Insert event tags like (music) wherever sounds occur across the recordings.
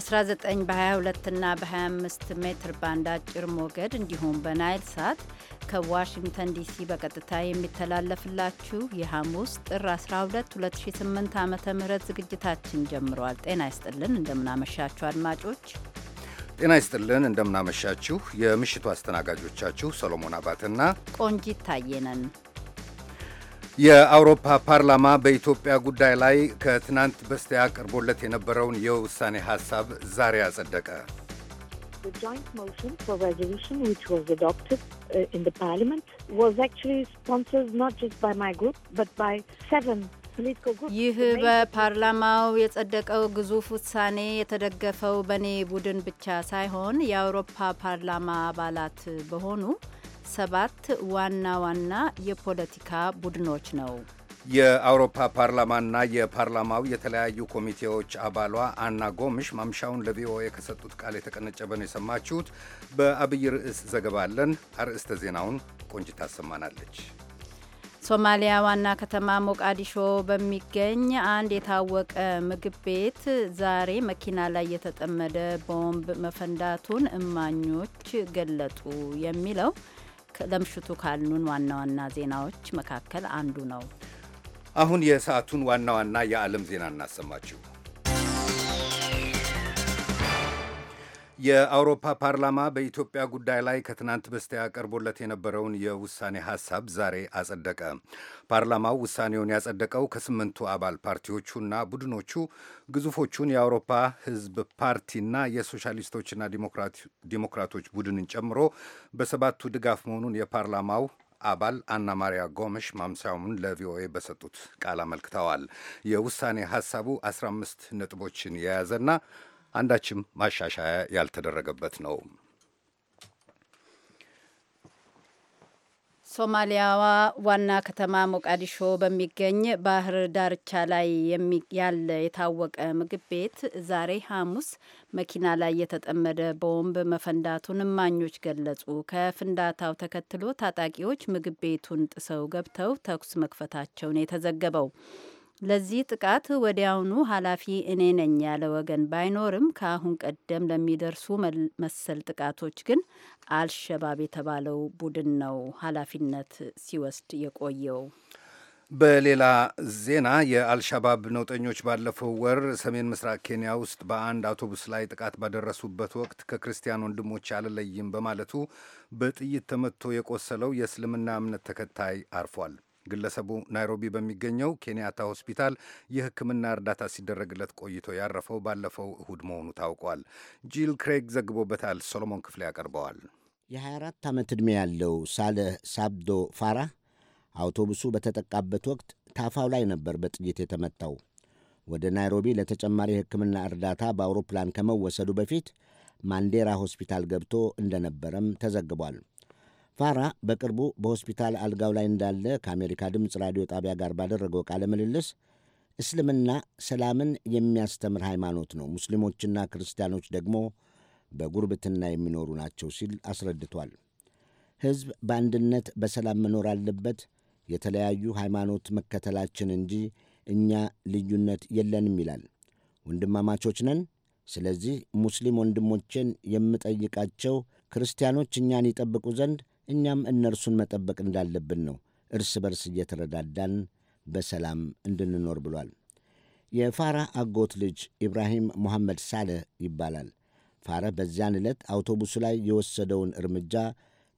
በ19 በ22ና በ25 ሜትር ባንድ አጭር ሞገድ እንዲሁም በናይል ሳት ከዋሽንግተን ዲሲ በቀጥታ የሚተላለፍላችሁ የሐሙስ ጥር 12 2008 ዓ ም ዝግጅታችን ጀምሯል። ጤና ይስጥልን፣ እንደምናመሻችሁ አድማጮች። ጤና ይስጥልን፣ እንደምናመሻችሁ። የምሽቱ አስተናጋጆቻችሁ ሰሎሞን አባትና ቆንጂት ታየነን። የአውሮፓ ፓርላማ በኢትዮጵያ ጉዳይ ላይ ከትናንት በስቲያ ቀርቦለት የነበረውን የውሳኔ ሐሳብ ዛሬ አጸደቀ። uh, ይህ በፓርላማው የጸደቀው ግዙፍ ውሳኔ የተደገፈው በእኔ ቡድን ብቻ ሳይሆን የአውሮፓ ፓርላማ አባላት በሆኑ ሰባት ዋና ዋና የፖለቲካ ቡድኖች ነው። የአውሮፓ ፓርላማና የፓርላማው የተለያዩ ኮሚቴዎች አባሏ አና ጎምሽ ማምሻውን ለቪኦኤ ከሰጡት ቃል የተቀነጨበ ነው የሰማችሁት። በአብይ ርዕስ ዘገባ አለን። አርዕስተ ዜናውን ቆንጅት ታሰማናለች። ሶማሊያ ዋና ከተማ ሞቃዲሾ በሚገኝ አንድ የታወቀ ምግብ ቤት ዛሬ መኪና ላይ የተጠመደ ቦምብ መፈንዳቱን እማኞች ገለጡ የሚለው ለምሽቱ ካሉን ዋና ዋና ዜናዎች መካከል አንዱ ነው። አሁን የሰዓቱን ዋና ዋና የዓለም ዜና እናሰማችሁ። የአውሮፓ ፓርላማ በኢትዮጵያ ጉዳይ ላይ ከትናንት በስቲያ ቀርቦለት የነበረውን የውሳኔ ሐሳብ ዛሬ አጸደቀ። ፓርላማው ውሳኔውን ያጸደቀው ከስምንቱ አባል ፓርቲዎቹና ቡድኖቹ ግዙፎቹን የአውሮፓ ሕዝብ ፓርቲና የሶሻሊስቶችና ዲሞክራቶች ቡድንን ጨምሮ በሰባቱ ድጋፍ መሆኑን የፓርላማው አባል አና ማሪያ ጎመሽ ማምሻውን ለቪኦኤ በሰጡት ቃል አመልክተዋል። የውሳኔ ሐሳቡ 15 ነጥቦችን የያዘና አንዳችም ማሻሻያ ያልተደረገበት ነው። ሶማሊያዋ ዋና ከተማ ሞቃዲሾ በሚገኝ ባህር ዳርቻ ላይ ያለ የታወቀ ምግብ ቤት ዛሬ ሐሙስ መኪና ላይ የተጠመደ ቦምብ መፈንዳቱን እማኞች ገለጹ። ከፍንዳታው ተከትሎ ታጣቂዎች ምግብ ቤቱን ጥሰው ገብተው ተኩስ መክፈታቸውን የተዘገበው ለዚህ ጥቃት ወዲያውኑ ኃላፊ እኔ ነኝ ያለ ወገን ባይኖርም ከአሁን ቀደም ለሚደርሱ መሰል ጥቃቶች ግን አልሸባብ የተባለው ቡድን ነው ኃላፊነት ሲወስድ የቆየው። በሌላ ዜና የአልሸባብ ነውጠኞች ባለፈው ወር ሰሜን ምስራቅ ኬንያ ውስጥ በአንድ አውቶቡስ ላይ ጥቃት ባደረሱበት ወቅት ከክርስቲያን ወንድሞች አልለይም በማለቱ በጥይት ተመትቶ የቆሰለው የእስልምና እምነት ተከታይ አርፏል። ግለሰቡ ናይሮቢ በሚገኘው ኬንያታ ሆስፒታል የሕክምና እርዳታ ሲደረግለት ቆይቶ ያረፈው ባለፈው እሁድ መሆኑ ታውቋል። ጂል ክሬግ ዘግቦበታል። ሶሎሞን ክፍሌ ያቀርበዋል። የ24 ዓመት ዕድሜ ያለው ሳልህ ሳብዶ ፋራ አውቶቡሱ በተጠቃበት ወቅት ታፋው ላይ ነበር በጥይት የተመታው። ወደ ናይሮቢ ለተጨማሪ ህክምና እርዳታ በአውሮፕላን ከመወሰዱ በፊት ማንዴራ ሆስፒታል ገብቶ እንደነበረም ተዘግቧል። ፋራ በቅርቡ በሆስፒታል አልጋው ላይ እንዳለ ከአሜሪካ ድምፅ ራዲዮ ጣቢያ ጋር ባደረገው ቃለ ምልልስ እስልምና ሰላምን የሚያስተምር ሃይማኖት ነው፣ ሙስሊሞችና ክርስቲያኖች ደግሞ በጉርብትና የሚኖሩ ናቸው ሲል አስረድቷል። ሕዝብ በአንድነት በሰላም መኖር አለበት፣ የተለያዩ ሃይማኖት መከተላችን እንጂ እኛ ልዩነት የለንም ይላል። ወንድማማቾች ነን። ስለዚህ ሙስሊም ወንድሞቼን የምጠይቃቸው ክርስቲያኖች እኛን ይጠብቁ ዘንድ እኛም እነርሱን መጠበቅ እንዳለብን ነው እርስ በርስ እየተረዳዳን በሰላም እንድንኖር ብሏል። የፋራ አጎት ልጅ ኢብራሂም ሙሐመድ ሳልህ ይባላል። ፋረህ በዚያን ዕለት አውቶቡሱ ላይ የወሰደውን እርምጃ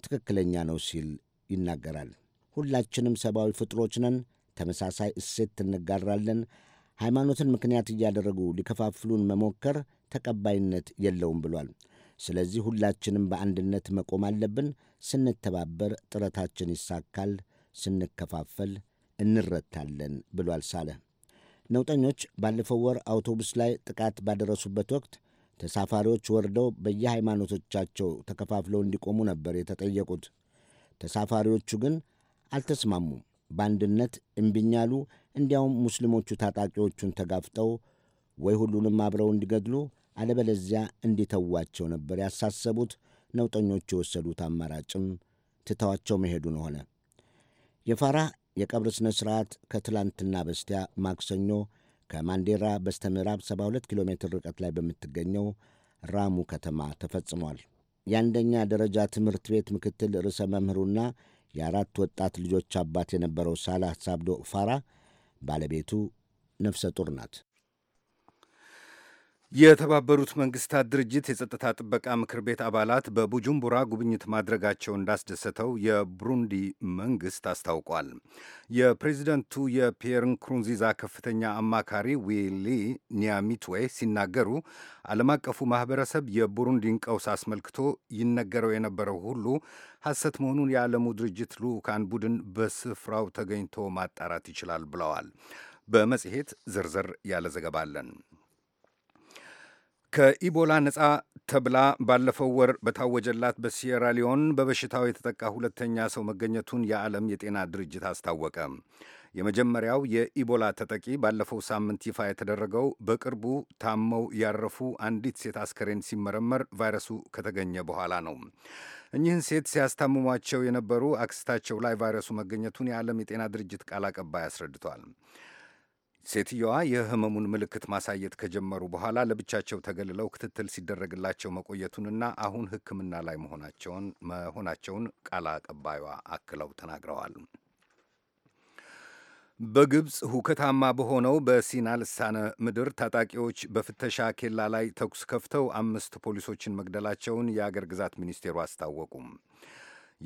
ትክክለኛ ነው ሲል ይናገራል። ሁላችንም ሰብአዊ ፍጥሮች ነን። ተመሳሳይ እሴት እንጋራለን። ሃይማኖትን ምክንያት እያደረጉ ሊከፋፍሉን መሞከር ተቀባይነት የለውም ብሏል። ስለዚህ ሁላችንም በአንድነት መቆም አለብን። ስንተባበር ጥረታችን ይሳካል፣ ስንከፋፈል እንረታለን ብሏል ሳለህ። ነውጠኞች ባለፈው ወር አውቶቡስ ላይ ጥቃት ባደረሱበት ወቅት ተሳፋሪዎች ወርደው በየሃይማኖቶቻቸው ተከፋፍለው እንዲቆሙ ነበር የተጠየቁት። ተሳፋሪዎቹ ግን አልተስማሙም። በአንድነት እምቢኛሉ እንዲያውም ሙስሊሞቹ ታጣቂዎቹን ተጋፍጠው ወይ ሁሉንም አብረው እንዲገድሉ አለበለዚያ እንዲተዋቸው ነበር ያሳሰቡት። ነውጠኞቹ የወሰዱት አማራጭም ትተዋቸው መሄዱን ሆነ። የፋራ የቀብር ሥነ ሥርዓት ከትላንትና በስቲያ ማክሰኞ ከማንዴራ በስተ ምዕራብ 72 ኪሎ ሜትር ርቀት ላይ በምትገኘው ራሙ ከተማ ተፈጽሟል። የአንደኛ ደረጃ ትምህርት ቤት ምክትል ርዕሰ መምህሩና የአራት ወጣት ልጆች አባት የነበረው ሳላህ ሳብዶ ፋራ ባለቤቱ ነፍሰ ጡር ናት። የተባበሩት መንግስታት ድርጅት የጸጥታ ጥበቃ ምክር ቤት አባላት በቡጁምቡራ ጉብኝት ማድረጋቸው እንዳስደሰተው የብሩንዲ መንግስት አስታውቋል። የፕሬዚደንቱ የፒየር ንኩሩንዚዛ ከፍተኛ አማካሪ ዊሊ ኒያሚትዌ ሲናገሩ ዓለም አቀፉ ማህበረሰብ የቡሩንዲን ቀውስ አስመልክቶ ይነገረው የነበረው ሁሉ ሐሰት መሆኑን የዓለሙ ድርጅት ልዑካን ቡድን በስፍራው ተገኝቶ ማጣራት ይችላል ብለዋል። በመጽሔት ዝርዝር ያለ ዘገባ አለን። ከኢቦላ ነፃ ተብላ ባለፈው ወር በታወጀላት በሲየራ ሊዮን በበሽታው የተጠቃ ሁለተኛ ሰው መገኘቱን የዓለም የጤና ድርጅት አስታወቀ። የመጀመሪያው የኢቦላ ተጠቂ ባለፈው ሳምንት ይፋ የተደረገው በቅርቡ ታመው ያረፉ አንዲት ሴት አስከሬን ሲመረመር ቫይረሱ ከተገኘ በኋላ ነው። እኚህን ሴት ሲያስታምሟቸው የነበሩ አክስታቸው ላይ ቫይረሱ መገኘቱን የዓለም የጤና ድርጅት ቃል አቀባይ አስረድቷል። ሴትየዋ የህመሙን ምልክት ማሳየት ከጀመሩ በኋላ ለብቻቸው ተገልለው ክትትል ሲደረግላቸው መቆየቱንና አሁን ሕክምና ላይ መሆናቸውን መሆናቸውን ቃል አቀባዩዋ አክለው ተናግረዋል። በግብፅ ሁከታማ በሆነው በሲና ልሳነ ምድር ታጣቂዎች በፍተሻ ኬላ ላይ ተኩስ ከፍተው አምስት ፖሊሶችን መግደላቸውን የአገር ግዛት ሚኒስቴሩ አስታወቁም።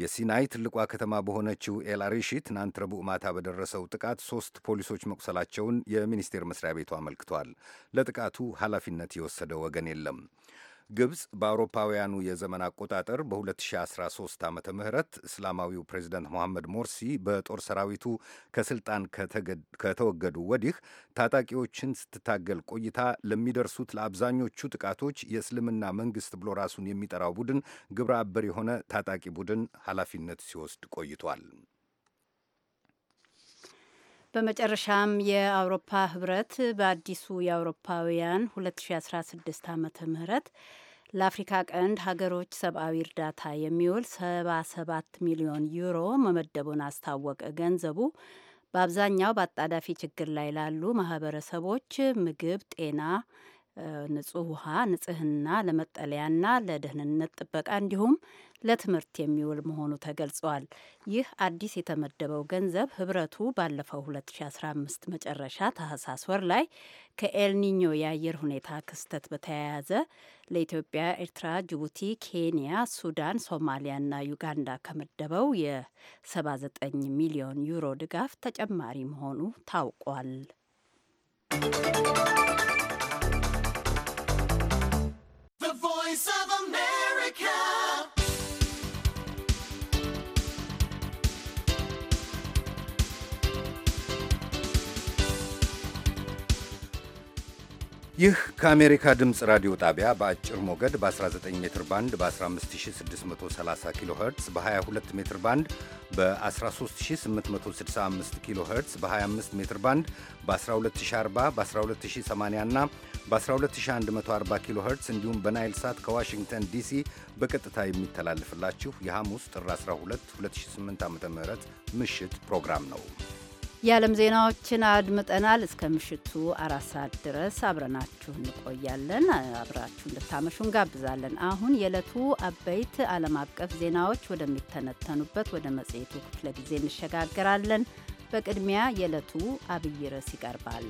የሲናይ ትልቋ ከተማ በሆነችው ኤላሪሺ ትናንት ረቡዕ ማታ በደረሰው ጥቃት ሶስት ፖሊሶች መቁሰላቸውን የሚኒስቴር መስሪያ ቤቱ አመልክቷል። ለጥቃቱ ኃላፊነት የወሰደ ወገን የለም። ግብፅ በአውሮፓውያኑ የዘመን አቆጣጠር በ2013 ዓ ም እስላማዊው ፕሬዚደንት መሐመድ ሞርሲ በጦር ሰራዊቱ ከስልጣን ከተወገዱ ወዲህ ታጣቂዎችን ስትታገል ቆይታ ለሚደርሱት ለአብዛኞቹ ጥቃቶች የእስልምና መንግስት ብሎ ራሱን የሚጠራው ቡድን ግብረ አበር የሆነ ታጣቂ ቡድን ኃላፊነት ሲወስድ ቆይቷል። በመጨረሻም የአውሮፓ ህብረት በአዲሱ የአውሮፓውያን 2016 ዓመተ ምህረት ለአፍሪካ ቀንድ ሀገሮች ሰብአዊ እርዳታ የሚውል 77 ሚሊዮን ዩሮ መመደቡን አስታወቀ። ገንዘቡ በአብዛኛው በአጣዳፊ ችግር ላይ ላሉ ማህበረሰቦች ምግብ፣ ጤና ንጹህ ውሃ፣ ንጽህና፣ ለመጠለያና ለደህንነት ጥበቃ እንዲሁም ለትምህርት የሚውል መሆኑ ተገልጿል። ይህ አዲስ የተመደበው ገንዘብ ህብረቱ ባለፈው 2015 መጨረሻ ታህሳስ ወር ላይ ከኤልኒኞ የአየር ሁኔታ ክስተት በተያያዘ ለኢትዮጵያ፣ ኤርትራ፣ ጅቡቲ፣ ኬንያ፣ ሱዳን፣ ሶማሊያና ዩጋንዳ ከመደበው የ79 ሚሊዮን ዩሮ ድጋፍ ተጨማሪ መሆኑ ታውቋል። ይህ ከአሜሪካ ድምፅ ራዲዮ ጣቢያ በአጭር ሞገድ በ19 ሜትር ባንድ በ15630 ኪሎ ኸርትዝ በ22 ሜትር ባንድ በ13865 ኪሎ ኸርትዝ በ25 ሜትር ባንድ በ12040 በ12080 እና በ12140 ኪሎ ኸርትዝ እንዲሁም በናይል ሳት ከዋሽንግተን ዲሲ በቀጥታ የሚተላለፍላችሁ የሐሙስ ጥር 12 2008 ዓ ም ምሽት ፕሮግራም ነው። የዓለም ዜናዎችን አድምጠናል። እስከ ምሽቱ አራት ሰዓት ድረስ አብረናችሁ እንቆያለን። አብራችሁ እንድታመሹ እንጋብዛለን። አሁን የዕለቱ አበይት ዓለም አቀፍ ዜናዎች ወደሚተነተኑበት ወደ መጽሔቱ ክፍለ ጊዜ እንሸጋግራለን። በቅድሚያ የዕለቱ አብይ ርዕስ ይቀርባል።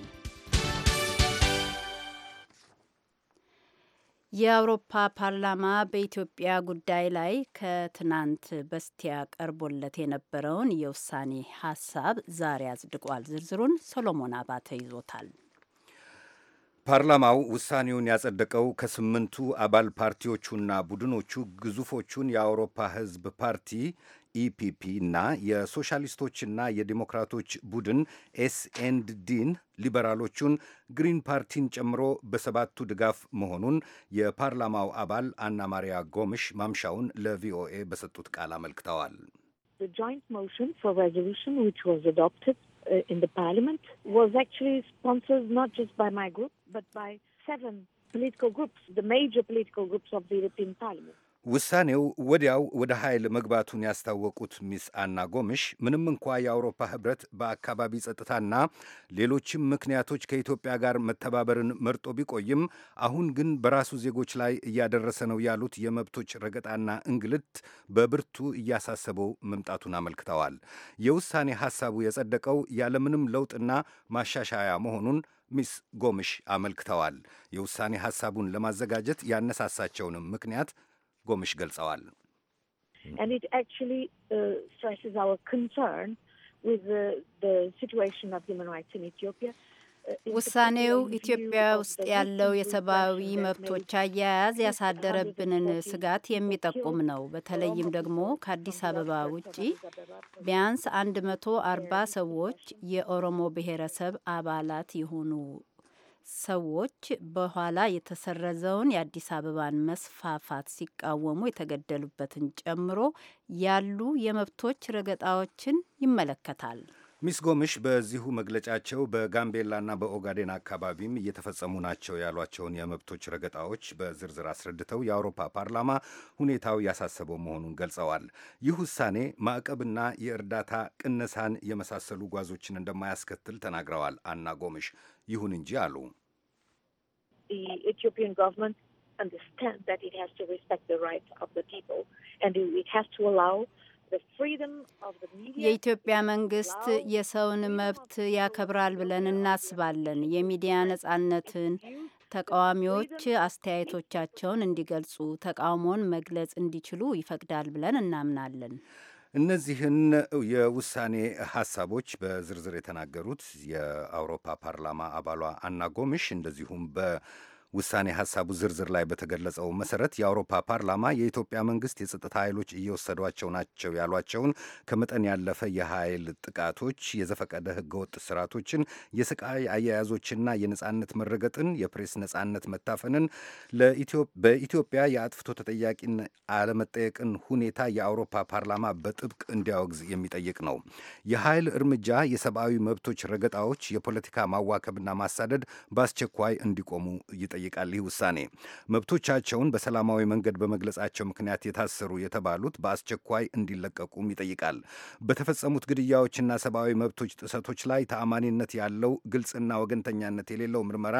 የአውሮፓ ፓርላማ በኢትዮጵያ ጉዳይ ላይ ከትናንት በስቲያ ቀርቦለት የነበረውን የውሳኔ ሀሳብ ዛሬ አጽድቋል። ዝርዝሩን ሶሎሞን አባተ ይዞታል። ፓርላማው ውሳኔውን ያጸደቀው ከስምንቱ አባል ፓርቲዎቹና ቡድኖቹ ግዙፎቹን የአውሮፓ ሕዝብ ፓርቲ ኢፒፒ እና የሶሻሊስቶችና የዲሞክራቶች ቡድን ኤስኤንድዲን ሊበራሎቹን ግሪን ፓርቲን ጨምሮ በሰባቱ ድጋፍ መሆኑን የፓርላማው አባል አና ማሪያ ጎምሽ ማምሻውን ለቪኦኤ በሰጡት ቃል አመልክተዋል። ፖለቲካል ግሩፕስ ውሳኔው ወዲያው ወደ ኃይል መግባቱን ያስታወቁት ሚስ አና ጎምሽ ምንም እንኳ የአውሮፓ ህብረት በአካባቢ ጸጥታና ሌሎችም ምክንያቶች ከኢትዮጵያ ጋር መተባበርን መርጦ ቢቆይም አሁን ግን በራሱ ዜጎች ላይ እያደረሰ ነው ያሉት የመብቶች ረገጣና እንግልት በብርቱ እያሳሰበው መምጣቱን አመልክተዋል። የውሳኔ ሐሳቡ የጸደቀው ያለምንም ለውጥና ማሻሻያ መሆኑን ሚስ ጎምሽ አመልክተዋል። የውሳኔ ሐሳቡን ለማዘጋጀት ያነሳሳቸውንም ምክንያት ጎምሽ ገልጸዋል። uh, uh, ውሳኔው ኢትዮጵያ ውስጥ ያለው የሰብአዊ መብቶች አያያዝ ያሳደረብንን ስጋት የሚጠቁም ነው። በተለይም ደግሞ ከአዲስ አበባ ውጪ ቢያንስ አንድ መቶ አርባ ሰዎች የኦሮሞ ብሔረሰብ አባላት የሆኑ ሰዎች በኋላ የተሰረዘውን የአዲስ አበባን መስፋፋት ሲቃወሙ የተገደሉበትን ጨምሮ ያሉ የመብቶች ረገጣዎችን ይመለከታል። ሚስ ጎምሽ በዚሁ መግለጫቸው በጋምቤላና በኦጋዴን አካባቢም እየተፈጸሙ ናቸው ያሏቸውን የመብቶች ረገጣዎች በዝርዝር አስረድተው የአውሮፓ ፓርላማ ሁኔታው ያሳሰበው መሆኑን ገልጸዋል። ይህ ውሳኔ ማዕቀብና የእርዳታ ቅነሳን የመሳሰሉ ጓዞችን እንደማያስከትል ተናግረዋል። አና ጎምሽ ይሁን እንጂ አሉ የኢትዮጵያ መንግስት የሰውን መብት ያከብራል ብለን እናስባለን። የሚዲያ ነጻነትን፣ ተቃዋሚዎች አስተያየቶቻቸውን እንዲገልጹ፣ ተቃውሞን መግለጽ እንዲችሉ ይፈቅዳል ብለን እናምናለን። እነዚህን የውሳኔ ሀሳቦች በዝርዝር የተናገሩት የአውሮፓ ፓርላማ አባሏ አና ጎምሽ እንደዚሁም በ ውሳኔ ሐሳቡ ዝርዝር ላይ በተገለጸው መሰረት የአውሮፓ ፓርላማ የኢትዮጵያ መንግስት የጸጥታ ኃይሎች እየወሰዷቸው ናቸው ያሏቸውን ከመጠን ያለፈ የኃይል ጥቃቶች፣ የዘፈቀደ ህገወጥ ስርዓቶችን፣ የስቃይ አያያዞችና የነጻነት መረገጥን፣ የፕሬስ ነጻነት መታፈንን፣ በኢትዮጵያ የአጥፍቶ ተጠያቂን አለመጠየቅን ሁኔታ የአውሮፓ ፓርላማ በጥብቅ እንዲያወግዝ የሚጠይቅ ነው። የኃይል እርምጃ፣ የሰብአዊ መብቶች ረገጣዎች፣ የፖለቲካ ማዋከብና ማሳደድ በአስቸኳይ እንዲቆሙ ይጠይቃል። ይጠይቃል ይህ ውሳኔ። መብቶቻቸውን በሰላማዊ መንገድ በመግለጻቸው ምክንያት የታሰሩ የተባሉት በአስቸኳይ እንዲለቀቁም ይጠይቃል። በተፈጸሙት ግድያዎችና ሰብአዊ መብቶች ጥሰቶች ላይ ተአማኒነት ያለው ግልጽና ወገንተኛነት የሌለው ምርመራ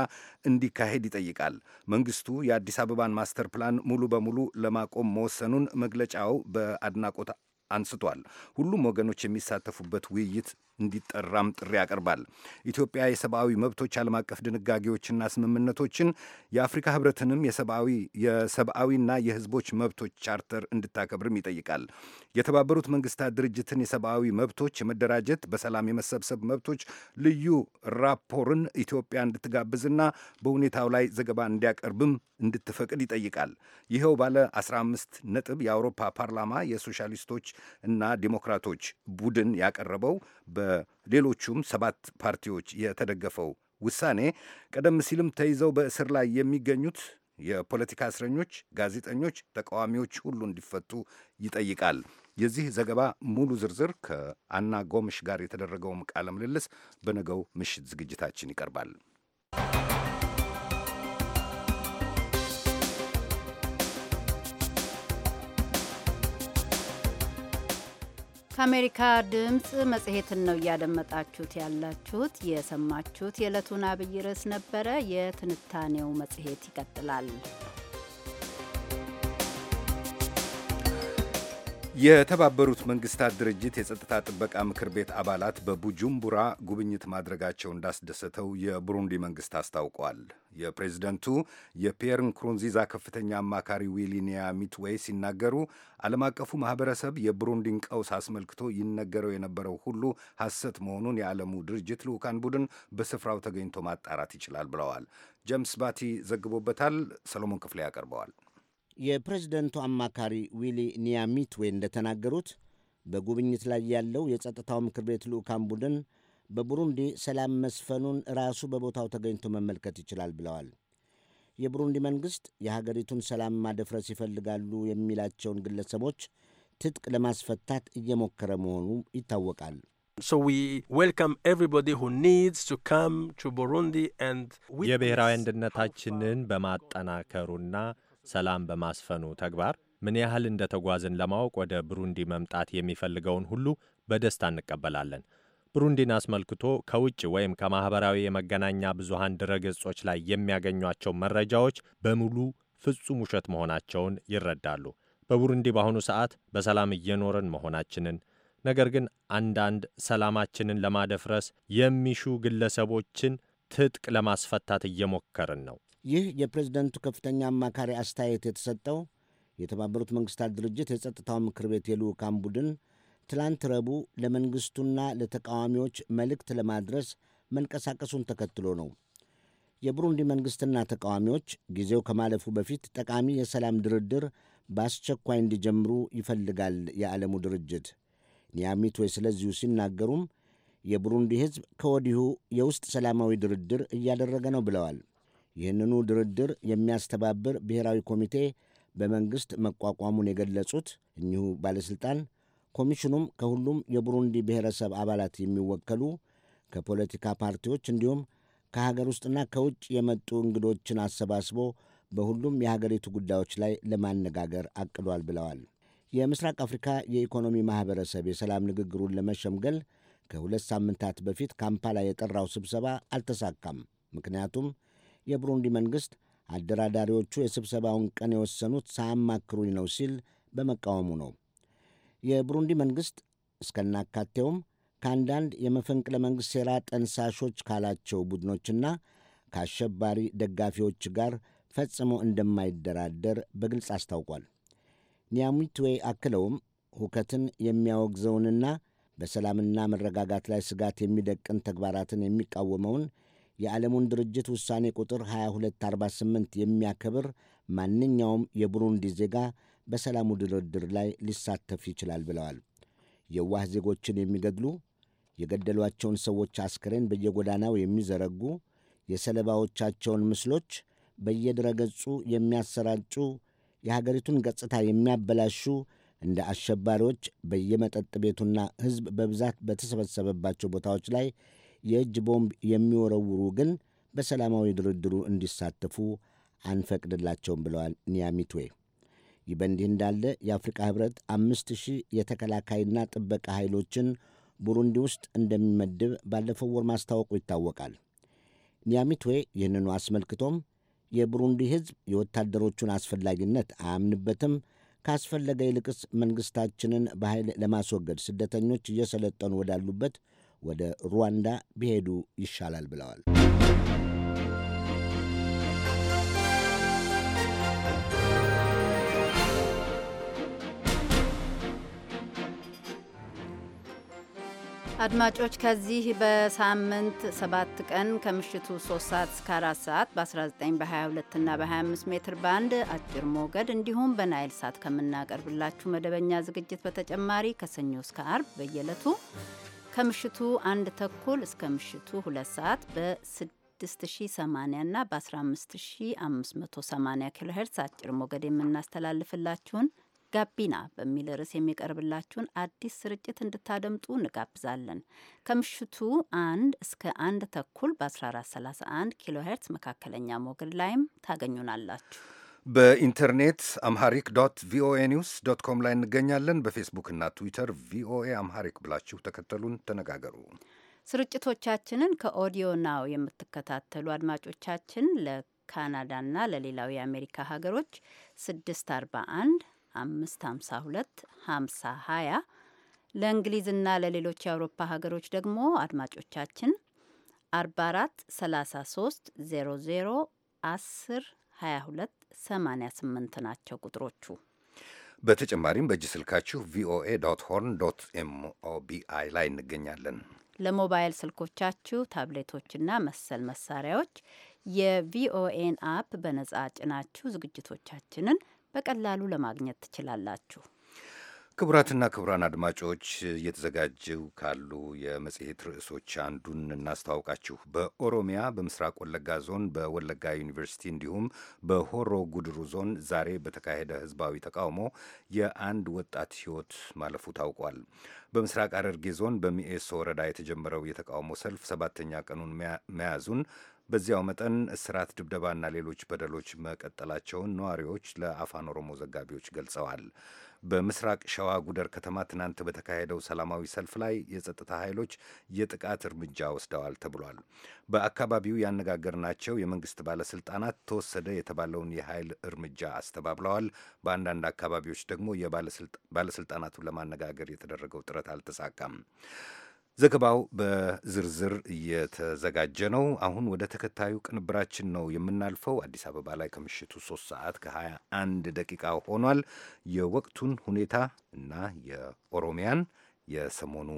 እንዲካሄድ ይጠይቃል። መንግስቱ የአዲስ አበባን ማስተር ፕላን ሙሉ በሙሉ ለማቆም መወሰኑን መግለጫው በአድናቆት አንስቷል። ሁሉም ወገኖች የሚሳተፉበት ውይይት እንዲጠራም ጥሪ ያቀርባል። ኢትዮጵያ የሰብአዊ መብቶች ዓለም አቀፍ ድንጋጌዎችና ስምምነቶችን የአፍሪካ ህብረትንም የሰብአዊና የህዝቦች መብቶች ቻርተር እንድታከብርም ይጠይቃል። የተባበሩት መንግስታት ድርጅትን የሰብአዊ መብቶች የመደራጀት በሰላም የመሰብሰብ መብቶች ልዩ ራፖርን ኢትዮጵያ እንድትጋብዝና በሁኔታው ላይ ዘገባ እንዲያቀርብም እንድትፈቅድ ይጠይቃል። ይኸው ባለ 15 ነጥብ የአውሮፓ ፓርላማ የሶሻሊስቶች እና ዲሞክራቶች ቡድን ያቀረበው በ በሌሎቹም ሰባት ፓርቲዎች የተደገፈው ውሳኔ ቀደም ሲልም ተይዘው በእስር ላይ የሚገኙት የፖለቲካ እስረኞች፣ ጋዜጠኞች፣ ተቃዋሚዎች ሁሉ እንዲፈቱ ይጠይቃል። የዚህ ዘገባ ሙሉ ዝርዝር ከአና ጎምሽ ጋር የተደረገውም ቃለ ምልልስ በነገው ምሽት ዝግጅታችን ይቀርባል። ከአሜሪካ ድምፅ መጽሔትን ነው እያደመጣችሁት ያላችሁት። የሰማችሁት የዕለቱን አብይ ርዕስ ነበረ። የትንታኔው መጽሔት ይቀጥላል። የተባበሩት መንግስታት ድርጅት የጸጥታ ጥበቃ ምክር ቤት አባላት በቡጁምቡራ ጉብኝት ማድረጋቸው እንዳስደሰተው የቡሩንዲ መንግስት አስታውቋል። የፕሬዝደንቱ የፒየር ንኩሩንዚዛ ከፍተኛ አማካሪ ዊሊኒያ ሚትዌይ ሲናገሩ ዓለም አቀፉ ማህበረሰብ የቡሩንዲን ቀውስ አስመልክቶ ይነገረው የነበረው ሁሉ ሐሰት መሆኑን የዓለሙ ድርጅት ልዑካን ቡድን በስፍራው ተገኝቶ ማጣራት ይችላል ብለዋል። ጀምስ ባቲ ዘግቦበታል። ሰሎሞን ክፍሌ ያቀርበዋል። የፕሬዝደንቱ አማካሪ ዊሊ ኒያሚትዌ እንደተናገሩት በጉብኝት ላይ ያለው የጸጥታው ምክር ቤት ልዑካን ቡድን በቡሩንዲ ሰላም መስፈኑን ራሱ በቦታው ተገኝቶ መመልከት ይችላል ብለዋል። የቡሩንዲ መንግሥት የሀገሪቱን ሰላም ማደፍረስ ይፈልጋሉ የሚላቸውን ግለሰቦች ትጥቅ ለማስፈታት እየሞከረ መሆኑ ይታወቃል። የብሔራዊ አንድነታችንን በማጠናከሩና ሰላም በማስፈኑ ተግባር ምን ያህል ተጓዝን ለማወቅ ወደ ብሩንዲ መምጣት የሚፈልገውን ሁሉ በደስታ እንቀበላለን። ብሩንዲን አስመልክቶ ከውጭ ወይም ከማኅበራዊ የመገናኛ ብዙሃን ድረገጾች ላይ የሚያገኟቸው መረጃዎች በሙሉ ፍጹም ውሸት መሆናቸውን ይረዳሉ። በቡሩንዲ በአሁኑ ሰዓት በሰላም እየኖርን መሆናችንን፣ ነገር ግን አንዳንድ ሰላማችንን ለማደፍረስ የሚሹ ግለሰቦችን ትጥቅ ለማስፈታት እየሞከርን ነው። ይህ የፕሬዝደንቱ ከፍተኛ አማካሪ አስተያየት የተሰጠው የተባበሩት መንግስታት ድርጅት የጸጥታው ምክር ቤት የልዑካን ቡድን ትላንት ረቡዕ ለመንግሥቱና ለተቃዋሚዎች መልእክት ለማድረስ መንቀሳቀሱን ተከትሎ ነው። የቡሩንዲ መንግሥትና ተቃዋሚዎች ጊዜው ከማለፉ በፊት ጠቃሚ የሰላም ድርድር በአስቸኳይ እንዲጀምሩ ይፈልጋል የዓለሙ ድርጅት። ኒያሚትዌ ስለዚሁ ሲናገሩም የቡሩንዲ ሕዝብ ከወዲሁ የውስጥ ሰላማዊ ድርድር እያደረገ ነው ብለዋል። ይህንኑ ድርድር የሚያስተባብር ብሔራዊ ኮሚቴ በመንግሥት መቋቋሙን የገለጹት እኚሁ ባለሥልጣን ኮሚሽኑም ከሁሉም የቡሩንዲ ብሔረሰብ አባላት የሚወከሉ ከፖለቲካ ፓርቲዎች እንዲሁም ከሀገር ውስጥና ከውጭ የመጡ እንግዶችን አሰባስቦ በሁሉም የሀገሪቱ ጉዳዮች ላይ ለማነጋገር አቅዷል ብለዋል። የምስራቅ አፍሪካ የኢኮኖሚ ማኅበረሰብ የሰላም ንግግሩን ለመሸምገል ከሁለት ሳምንታት በፊት ካምፓላ የጠራው ስብሰባ አልተሳካም። ምክንያቱም የብሩንዲ መንግሥት አደራዳሪዎቹ የስብሰባውን ቀን የወሰኑት ሳያማክሩኝ ነው ሲል በመቃወሙ ነው። የብሩንዲ መንግሥት እስከናካቴውም ከአንዳንድ የመፈንቅለ መንግሥት ሴራ ጠንሳሾች ካላቸው ቡድኖችና ከአሸባሪ ደጋፊዎች ጋር ፈጽሞ እንደማይደራደር በግልጽ አስታውቋል። ኒያሚትዌ አክለውም ሁከትን የሚያወግዘውንና በሰላምና መረጋጋት ላይ ስጋት የሚደቅን ተግባራትን የሚቃወመውን የዓለሙን ድርጅት ውሳኔ ቁጥር 2248 የሚያከብር ማንኛውም የቡሩንዲ ዜጋ በሰላሙ ድርድር ላይ ሊሳተፍ ይችላል ብለዋል። የዋህ ዜጎችን የሚገድሉ የገደሏቸውን ሰዎች አስክሬን በየጎዳናው የሚዘረጉ የሰለባዎቻቸውን ምስሎች በየድረገጹ የሚያሰራጩ የሀገሪቱን ገጽታ የሚያበላሹ እንደ አሸባሪዎች በየመጠጥ ቤቱና ሕዝብ በብዛት በተሰበሰበባቸው ቦታዎች ላይ የእጅ ቦምብ የሚወረውሩ ግን በሰላማዊ ድርድሩ እንዲሳተፉ አንፈቅድላቸውም ብለዋል ኒያሚትዌ። ይህ በእንዲህ እንዳለ የአፍሪካ ህብረት አምስት ሺህ የተከላካይና ጥበቃ ኃይሎችን ቡሩንዲ ውስጥ እንደሚመድብ ባለፈው ወር ማስታወቁ ይታወቃል። ኒያሚትዌ ይህንኑ አስመልክቶም የቡሩንዲ ሕዝብ የወታደሮቹን አስፈላጊነት አያምንበትም፣ ካስፈለገ ይልቅስ መንግሥታችንን በኃይል ለማስወገድ ስደተኞች እየሰለጠኑ ወዳሉበት ወደ ሩዋንዳ ቢሄዱ ይሻላል ብለዋል። አድማጮች ከዚህ በሳምንት ሰባት ቀን ከምሽቱ 3 ሰዓት እስከ 4 ሰዓት በ19 በ22 እና በ25 ሜትር ባንድ አጭር ሞገድ እንዲሁም በናይል ሳት ከምናቀርብላችሁ መደበኛ ዝግጅት በተጨማሪ ከሰኞ እስከ አርብ በየዕለቱ ከምሽቱ አንድ ተኩል እስከ ምሽቱ ሁለት ሰዓት በ6080 እና በ15580 ኪሎ ሄርትስ አጭር ሞገድ የምናስተላልፍላችሁን ጋቢና በሚል ርዕስ የሚቀርብላችሁን አዲስ ስርጭት እንድታደምጡ እንጋብዛለን። ከምሽቱ አንድ እስከ አንድ ተኩል በ1431 ኪሎ ሄርትስ መካከለኛ ሞገድ ላይም ታገኙናላችሁ። በኢንተርኔት አምሃሪክ ዶት ቪኦኤ ኒውስ ዶት ኮም ላይ እንገኛለን። በፌስቡክ እና ትዊተር ቪኦኤ አምሃሪክ ብላችሁ ተከተሉን፣ ተነጋገሩ። ስርጭቶቻችንን ከኦዲዮ ናው የምትከታተሉ አድማጮቻችን ለካናዳና ለሌላው የአሜሪካ ሀገሮች 641 552 50 20 ለእንግሊዝና ለሌሎች የአውሮፓ ሀገሮች ደግሞ አድማጮቻችን 44 33 00 10 22 88 ናቸው ቁጥሮቹ። በተጨማሪም በእጅ ስልካችሁ ቪኦኤ ዶት ሆርን ዶት ኤምኦቢአይ ላይ እንገኛለን። ለሞባይል ስልኮቻችሁ ታብሌቶችና መሰል መሳሪያዎች የቪኦኤን አፕ በነጻ ጭናችሁ ዝግጅቶቻችንን በቀላሉ ለማግኘት ትችላላችሁ። ክቡራትና ክቡራን አድማጮች እየተዘጋጀው ካሉ የመጽሔት ርዕሶች አንዱን እናስተዋውቃችሁ። በኦሮሚያ በምስራቅ ወለጋ ዞን በወለጋ ዩኒቨርሲቲ እንዲሁም በሆሮ ጉድሩ ዞን ዛሬ በተካሄደ ህዝባዊ ተቃውሞ የአንድ ወጣት ህይወት ማለፉ ታውቋል። በምስራቅ ሐረርጌ ዞን በሚኤሶ ወረዳ የተጀመረው የተቃውሞ ሰልፍ ሰባተኛ ቀኑን መያዙን በዚያው መጠን እስራት፣ ድብደባና ሌሎች በደሎች መቀጠላቸውን ነዋሪዎች ለአፋን ኦሮሞ ዘጋቢዎች ገልጸዋል። በምስራቅ ሸዋ ጉደር ከተማ ትናንት በተካሄደው ሰላማዊ ሰልፍ ላይ የጸጥታ ኃይሎች የጥቃት እርምጃ ወስደዋል ተብሏል። በአካባቢው ያነጋገርናቸው የመንግስት ባለስልጣናት ተወሰደ የተባለውን የኃይል እርምጃ አስተባብለዋል። በአንዳንድ አካባቢዎች ደግሞ የባለስልጣናቱን ለማነጋገር የተደረገው ጥረት አልተሳካም። ዘገባው በዝርዝር እየተዘጋጀ ነው። አሁን ወደ ተከታዩ ቅንብራችን ነው የምናልፈው። አዲስ አበባ ላይ ከምሽቱ 3 ሰዓት ከ21 ደቂቃ ሆኗል። የወቅቱን ሁኔታ እና የኦሮሚያን የሰሞኑ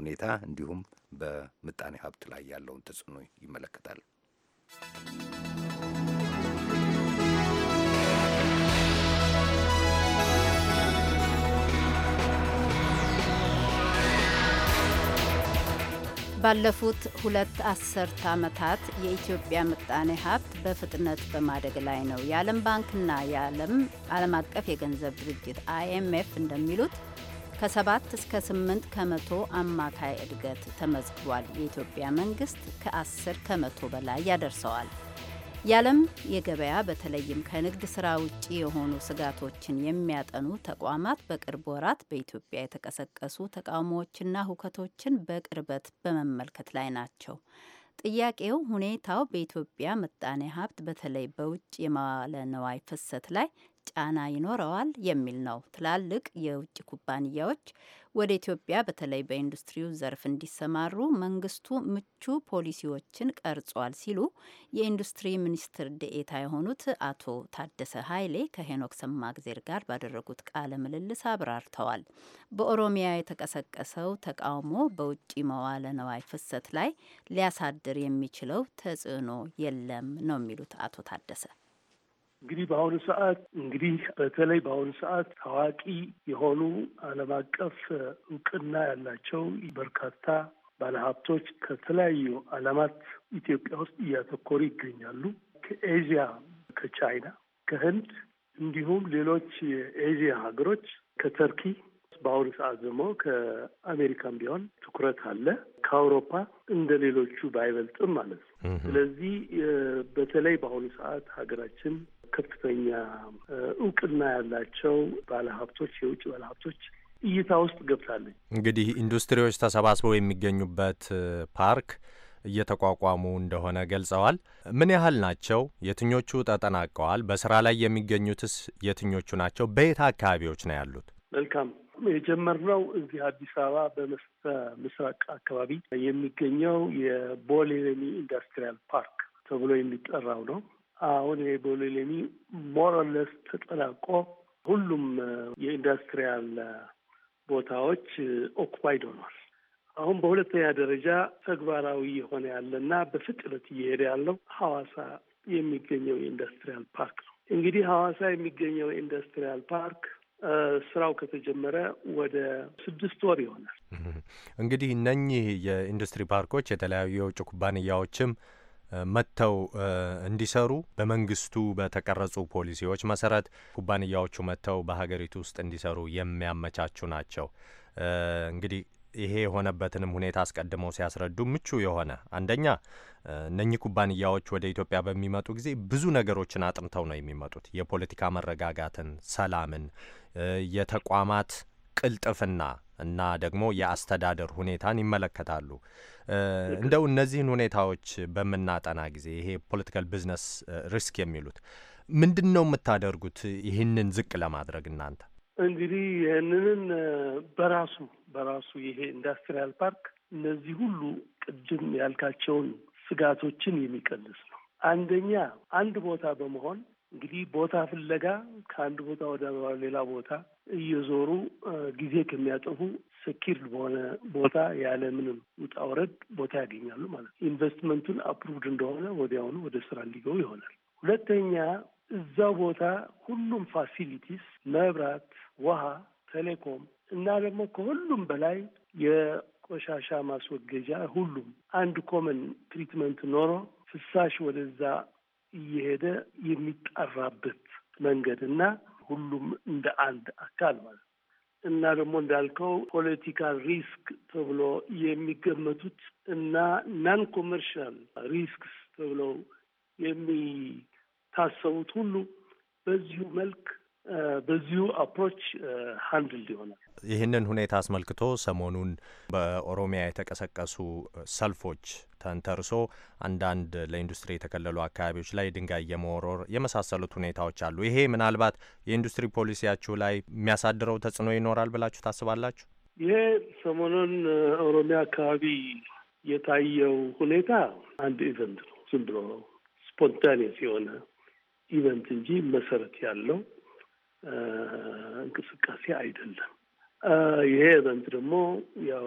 ሁኔታ እንዲሁም በምጣኔ ሀብት ላይ ያለውን ተጽዕኖ ይመለከታል። ባለፉት ሁለት አስርት ዓመታት የኢትዮጵያ ምጣኔ ሀብት በፍጥነት በማደግ ላይ ነው። የዓለም ባንክና የዓለም ዓለም አቀፍ የገንዘብ ድርጅት አይኤምኤፍ እንደሚሉት ከሰባት እስከ ስምንት ከመቶ አማካይ እድገት ተመዝግቧል። የኢትዮጵያ መንግስት ከአስር ከመቶ በላይ ያደርሰዋል። የዓለም የገበያ በተለይም ከንግድ ስራ ውጪ የሆኑ ስጋቶችን የሚያጠኑ ተቋማት በቅርብ ወራት በኢትዮጵያ የተቀሰቀሱ ተቃውሞዎችና ሁከቶችን በቅርበት በመመልከት ላይ ናቸው። ጥያቄው ሁኔታው በኢትዮጵያ ምጣኔ ሀብት በተለይ በውጭ የማለ ነዋይ ፍሰት ላይ ጫና ይኖረዋል የሚል ነው። ትላልቅ የውጭ ኩባንያዎች ወደ ኢትዮጵያ በተለይ በኢንዱስትሪው ዘርፍ እንዲሰማሩ መንግስቱ ምቹ ፖሊሲዎችን ቀርጿል ሲሉ የኢንዱስትሪ ሚኒስትር ደኤታ የሆኑት አቶ ታደሰ ኃይሌ ከሄኖክ ሰማግዜር ጋር ባደረጉት ቃለ ምልልስ አብራርተዋል። በኦሮሚያ የተቀሰቀሰው ተቃውሞ በውጭ መዋለ ነዋይ ፍሰት ላይ ሊያሳድር የሚችለው ተጽዕኖ የለም ነው የሚሉት አቶ ታደሰ እንግዲህ በአሁኑ ሰዓት እንግዲህ በተለይ በአሁኑ ሰዓት ታዋቂ የሆኑ ዓለም አቀፍ እውቅና ያላቸው በርካታ ባለሀብቶች ከተለያዩ ዓለማት ኢትዮጵያ ውስጥ እያተኮሩ ይገኛሉ። ከኤዥያ፣ ከቻይና፣ ከህንድ እንዲሁም ሌሎች የኤዥያ ሀገሮች ከተርኪ በአሁኑ ሰዓት ደግሞ ከአሜሪካም ቢሆን ትኩረት አለ። ከአውሮፓ እንደ ሌሎቹ ባይበልጥም ማለት ነው። ስለዚህ በተለይ በአሁኑ ሰዓት ሀገራችን ከፍተኛ እውቅና ያላቸው ባለሀብቶች፣ የውጭ ባለሀብቶች እይታ ውስጥ ገብታለች። እንግዲህ ኢንዱስትሪዎች ተሰባስበው የሚገኙበት ፓርክ እየተቋቋሙ እንደሆነ ገልጸዋል። ምን ያህል ናቸው? የትኞቹ ተጠናቀዋል? በስራ ላይ የሚገኙትስ የትኞቹ ናቸው? በየት አካባቢዎች ነው ያሉት? መልካም የጀመርነው እዚህ አዲስ አበባ በመስተ ምስራቅ አካባቢ የሚገኘው የቦሌ ለሚ ኢንዱስትሪያል ፓርክ ተብሎ የሚጠራው ነው። አሁን የቦሌ ሌኒ ሞሮለስ ተጠናቆ ሁሉም የኢንዱስትሪያል ቦታዎች ኦኩፓይድ ሆኗል። አሁን በሁለተኛ ደረጃ ተግባራዊ የሆነ ያለና በፍጥነት እየሄደ ያለው ሐዋሳ የሚገኘው የኢንዱስትሪያል ፓርክ ነው። እንግዲህ ሐዋሳ የሚገኘው የኢንዱስትሪያል ፓርክ ስራው ከተጀመረ ወደ ስድስት ወር ይሆናል። እንግዲህ እነኚህ የኢንዱስትሪ ፓርኮች የተለያዩ የውጭ ኩባንያዎችም መጥተው እንዲሰሩ በመንግስቱ በተቀረጹ ፖሊሲዎች መሰረት ኩባንያዎቹ መጥተው በሀገሪቱ ውስጥ እንዲሰሩ የሚያመቻቹ ናቸው። እንግዲህ ይሄ የሆነበትንም ሁኔታ አስቀድመው ሲያስረዱ ምቹ የሆነ አንደኛ እነኚህ ኩባንያዎች ወደ ኢትዮጵያ በሚመጡ ጊዜ ብዙ ነገሮችን አጥንተው ነው የሚመጡት። የፖለቲካ መረጋጋትን፣ ሰላምን፣ የተቋማት ቅልጥፍና እና ደግሞ የአስተዳደር ሁኔታን ይመለከታሉ። እንደው እነዚህን ሁኔታዎች በምናጠና ጊዜ ይሄ ፖለቲካል ቢዝነስ ሪስክ የሚሉት ምንድን ነው የምታደርጉት ይህንን ዝቅ ለማድረግ እናንተ? እንግዲህ ይህንንን በራሱ በራሱ ይሄ ኢንዱስትሪያል ፓርክ እነዚህ ሁሉ ቅድም ያልካቸውን ስጋቶችን የሚቀንስ ነው። አንደኛ አንድ ቦታ በመሆን እንግዲህ ቦታ ፍለጋ ከአንድ ቦታ ወደ ሌላ ቦታ እየዞሩ ጊዜ ከሚያጠፉ ሰኪርድ በሆነ ቦታ ያለ ምንም ውጣ ውረድ ቦታ ያገኛሉ ማለት ነው። ኢንቨስትመንቱን አፕሩቭድ እንደሆነ ወዲያውኑ ወደ ስራ እንዲገቡ ይሆናል። ሁለተኛ እዛው ቦታ ሁሉም ፋሲሊቲስ መብራት፣ ውሃ፣ ቴሌኮም እና ደግሞ ከሁሉም በላይ የቆሻሻ ማስወገጃ ሁሉም አንድ ኮመን ትሪትመንት ኖሮ ፍሳሽ ወደዛ እየሄደ የሚጠራበት መንገድ እና ሁሉም እንደ አንድ አካል ማለት ነው እና ደግሞ እንዳልከው ፖለቲካል ሪስክ ተብሎ የሚገመቱት እና ናን ኮመርሻል ሪስክስ ተብለው የሚታሰቡት ሁሉ በዚሁ መልክ በዚሁ አፕሮች ሀንድል uh, ይሆናል። ይህንን ሁኔታ አስመልክቶ ሰሞኑን በኦሮሚያ የተቀሰቀሱ ሰልፎች ተንተርሶ አንዳንድ ለኢንዱስትሪ የተከለሉ አካባቢዎች ላይ ድንጋይ የመወረር የመሳሰሉት ሁኔታዎች አሉ። ይሄ ምናልባት የኢንዱስትሪ ፖሊሲያችሁ ላይ የሚያሳድረው ተጽዕኖ ይኖራል ብላችሁ ታስባላችሁ? ይሄ ሰሞኑን ኦሮሚያ አካባቢ የታየው ሁኔታ አንድ ኢቨንት ነው። ዝም ብሎ ስፖንታኒየስ የሆነ ኢቨንት እንጂ መሰረት ያለው እንቅስቃሴ አይደለም። ይሄ ኢቨንት ደግሞ ያው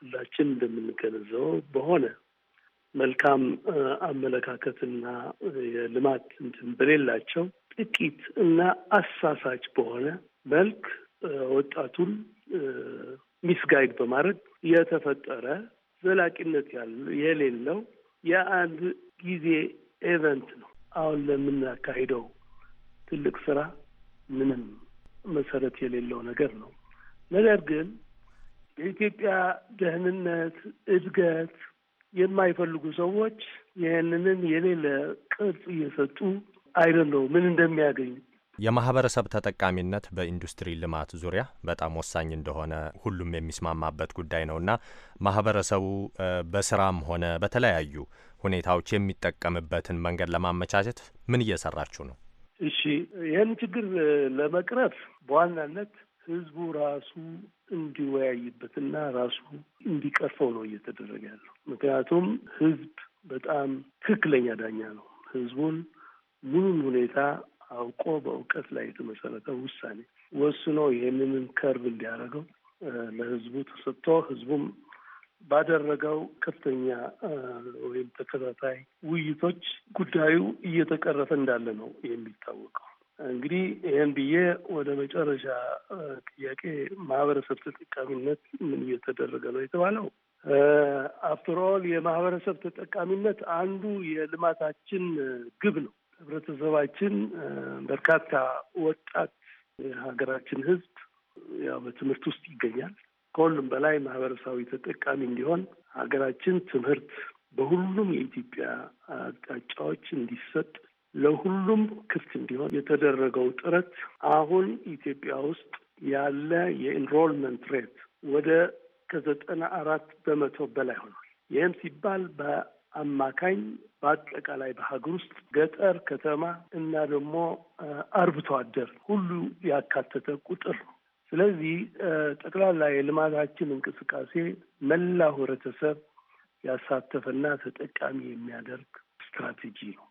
ሁላችን እንደምንገነዘበው በሆነ መልካም አመለካከትና የልማት እንትን በሌላቸው ጥቂት እና አሳሳች በሆነ መልክ ወጣቱን ሚስጋይድ በማድረግ የተፈጠረ ዘላቂነት የሌለው የአንድ ጊዜ ኤቨንት ነው። አሁን ለምናካሂደው ትልቅ ስራ ምንም መሰረት የሌለው ነገር ነው። ነገር ግን የኢትዮጵያ ደህንነት እድገት የማይፈልጉ ሰዎች ይህንንን የሌለ ቅርጽ እየሰጡ አይደለው ምን እንደሚያገኙ የማህበረሰብ ተጠቃሚነት በኢንዱስትሪ ልማት ዙሪያ በጣም ወሳኝ እንደሆነ ሁሉም የሚስማማበት ጉዳይ ነው እና ማህበረሰቡ በስራም ሆነ በተለያዩ ሁኔታዎች የሚጠቀምበትን መንገድ ለማመቻቸት ምን እየሰራችሁ ነው? እሺ፣ ይህን ችግር ለመቅረፍ በዋናነት ህዝቡ ራሱ እንዲወያይበትና ራሱ እንዲቀርፈው ነው እየተደረገ ያለው። ምክንያቱም ህዝብ በጣም ትክክለኛ ዳኛ ነው። ህዝቡን ሙሉን ሁኔታ አውቆ በእውቀት ላይ የተመሰረተ ውሳኔ ወስኖ ይህንንም ከርብ እንዲያደርገው ለህዝቡ ተሰጥቶ ህዝቡም ባደረገው ከፍተኛ ወይም ተከታታይ ውይይቶች ጉዳዩ እየተቀረፈ እንዳለ ነው የሚታወቀው። እንግዲህ ይህን ብዬ ወደ መጨረሻ ጥያቄ ማህበረሰብ ተጠቃሚነት ምን እየተደረገ ነው የተባለው አፍተር የማህበረሰብ ተጠቃሚነት አንዱ የልማታችን ግብ ነው። ህብረተሰባችን በርካታ ወጣት የሀገራችን ህዝብ ያው በትምህርት ውስጥ ይገኛል። ከሁሉም በላይ ማህበረሰባዊ ተጠቃሚ እንዲሆን ሀገራችን ትምህርት በሁሉም የኢትዮጵያ አቅጣጫዎች እንዲሰጥ ለሁሉም ክፍት እንዲሆን የተደረገው ጥረት አሁን ኢትዮጵያ ውስጥ ያለ የኢንሮልመንት ሬት ወደ ከዘጠና አራት በመቶ በላይ ሆኗል። ይህም ሲባል በአማካኝ በአጠቃላይ በሀገር ውስጥ ገጠር፣ ከተማ እና ደግሞ አርብቶ አደር ሁሉ ያካተተ ቁጥር ነው። ስለዚህ ጠቅላላ የልማታችን እንቅስቃሴ መላ ህብረተሰብ ያሳተፈና ተጠቃሚ የሚያደርግ ስትራቴጂ ነው።